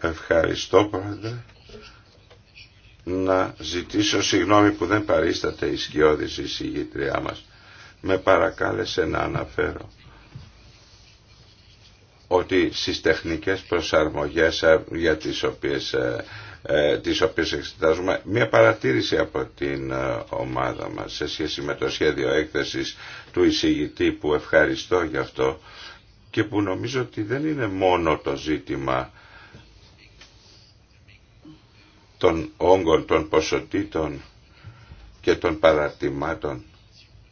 ευχαριστώ πάντα Να ζητήσω συγγνώμη που δεν παρίσταται η σκιώδηση η συγγήτριά μας. Με παρακάλεσε να αναφέρω ότι στις τεχνικές προσαρμογές ε, για τις οποίες, ε, ε, τις οποίες εξετάζουμε μια παρατήρηση από την ομάδα μας σε σχέση με το σχέδιο έκθεσης του εισηγητή που ευχαριστώ γι' αυτό και που νομίζω ότι δεν είναι μόνο το ζήτημα των όγκων, των ποσοτήτων και των παρατημάτων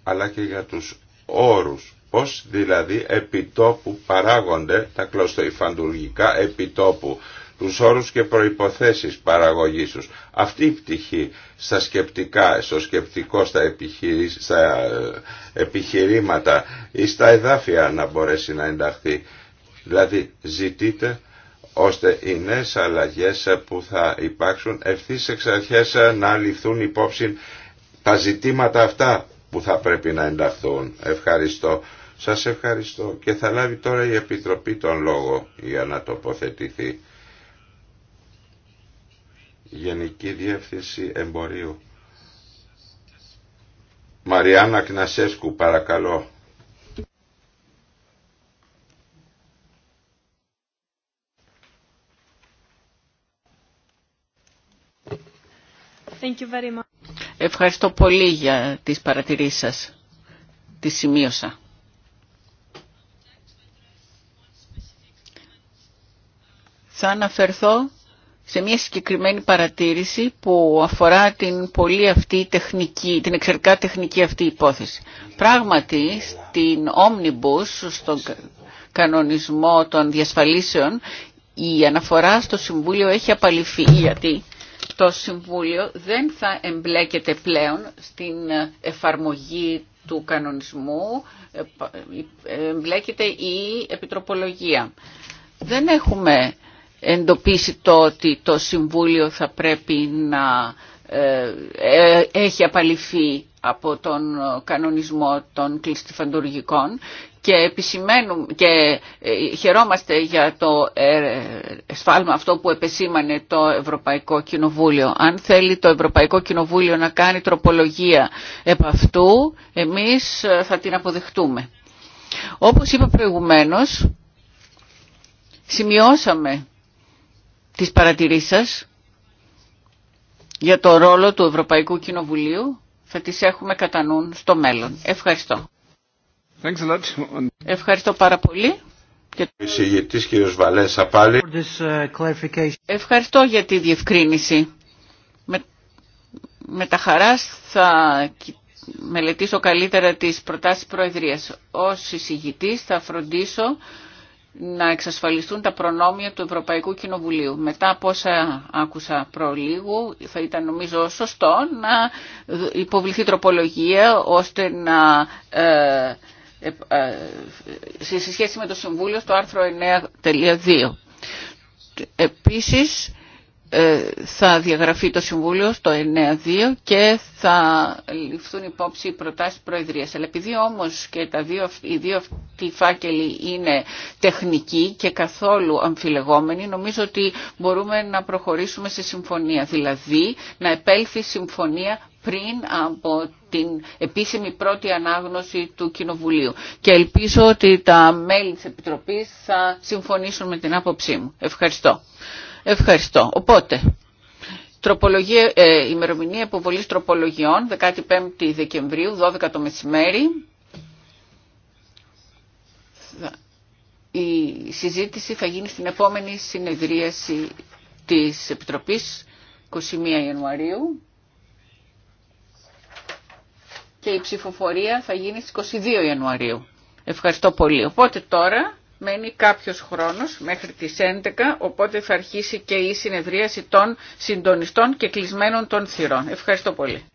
αλλά και για τους όρους Πώς δηλαδή επιτόπου παράγονται τα κλωστοϊφαντουργικά επιτόπου, τους όρους και προϋποθέσεις παραγωγής τους. Αυτή η πτυχή στα σκεπτικά, στο σκεπτικό, στα, ε, επιχειρήματα ή στα εδάφια να μπορέσει να ενταχθεί. Δηλαδή ζητείτε ώστε οι νέες αλλαγές που θα υπάρξουν ευθύς εξ αρχές να ληφθούν υπόψη τα ζητήματα αυτά που θα πρέπει να ενταχθούν. Ευχαριστώ. Σας ευχαριστώ και θα λάβει τώρα η Επιτροπή τον λόγο για να τοποθετηθεί. Γενική Διεύθυνση Εμπορίου. Μαριάννα Κνασέσκου παρακαλώ. Thank you very much. Ευχαριστώ πολύ για τις παρατηρήσεις σας. Τη σημείωσα. Θα αναφερθώ σε μια συγκεκριμένη παρατήρηση που αφορά την πολύ αυτή τεχνική, την εξαιρετικά τεχνική αυτή υπόθεση. Πράγματι, στην Omnibus, στον κανονισμό των διασφαλίσεων, η αναφορά στο Συμβούλιο έχει απαλληφθεί. Γιατί το Συμβούλιο δεν θα εμπλέκεται πλέον στην εφαρμογή του κανονισμού, εμπλέκεται η επιτροπολογία. Δεν έχουμε εντοπίσει το ότι το Συμβούλιο θα πρέπει να ε, ε, έχει απαλληφθεί από τον κανονισμό των κλειστιφαντουργικών και επισημαίνουμε και ε, χαιρόμαστε για το ε, σφάλμα αυτό που επεσήμανε το Ευρωπαϊκό Κοινοβούλιο. Αν θέλει το Ευρωπαϊκό Κοινοβούλιο να κάνει τροπολογία επ' αυτού, εμείς ε, θα την αποδεχτούμε. Όπως είπα προηγουμένως, σημειώσαμε τις παρατηρήσεις σας για το ρόλο του Ευρωπαϊκού Κοινοβουλίου. Θα τις έχουμε κατά νου στο μέλλον. Ευχαριστώ. Ευχαριστώ πάρα πολύ. Uh, Ευχαριστώ για τη διευκρίνηση. Με, με τα χαράς θα μελετήσω καλύτερα τις προτάσεις Προεδρίας. Ως εισηγητής θα φροντίσω να εξασφαλιστούν τα προνόμια του Ευρωπαϊκού Κοινοβουλίου. Μετά από όσα άκουσα προλίγου, θα ήταν νομίζω σωστό να υποβληθεί τροπολογία ώστε να... Ε, σε σχέση με το Συμβούλιο στο άρθρο 9.2. Επίσης ε, θα διαγραφεί το Συμβούλιο στο 9.2 και θα ληφθούν υπόψη οι προτάσεις Προεδρίας. Αλλά επειδή όμως και τα δύο, οι δύο αυτοί φάκελοι είναι τεχνικοί και καθόλου αμφιλεγόμενοι, νομίζω ότι μπορούμε να προχωρήσουμε σε συμφωνία. Δηλαδή να επέλθει συμφωνία πριν από την επίσημη πρώτη ανάγνωση του Κοινοβουλίου. Και ελπίζω ότι τα μέλη της Επιτροπής θα συμφωνήσουν με την άποψή μου. Ευχαριστώ. Ευχαριστώ. Οπότε, τροπολογία, ε, ημερομηνία υποβολη τροπολογιών, 15 Δεκεμβρίου, 12 το μεσημέρι. Η συζήτηση θα γίνει στην επόμενη συνεδρίαση της Επιτροπής, 21 Ιανουαρίου και η ψηφοφορία θα γίνει στις 22 Ιανουαρίου. Ευχαριστώ πολύ. Οπότε τώρα μένει κάποιος χρόνος μέχρι τις 11, οπότε θα αρχίσει και η συνεδρίαση των συντονιστών και κλεισμένων των θυρών. Ευχαριστώ πολύ.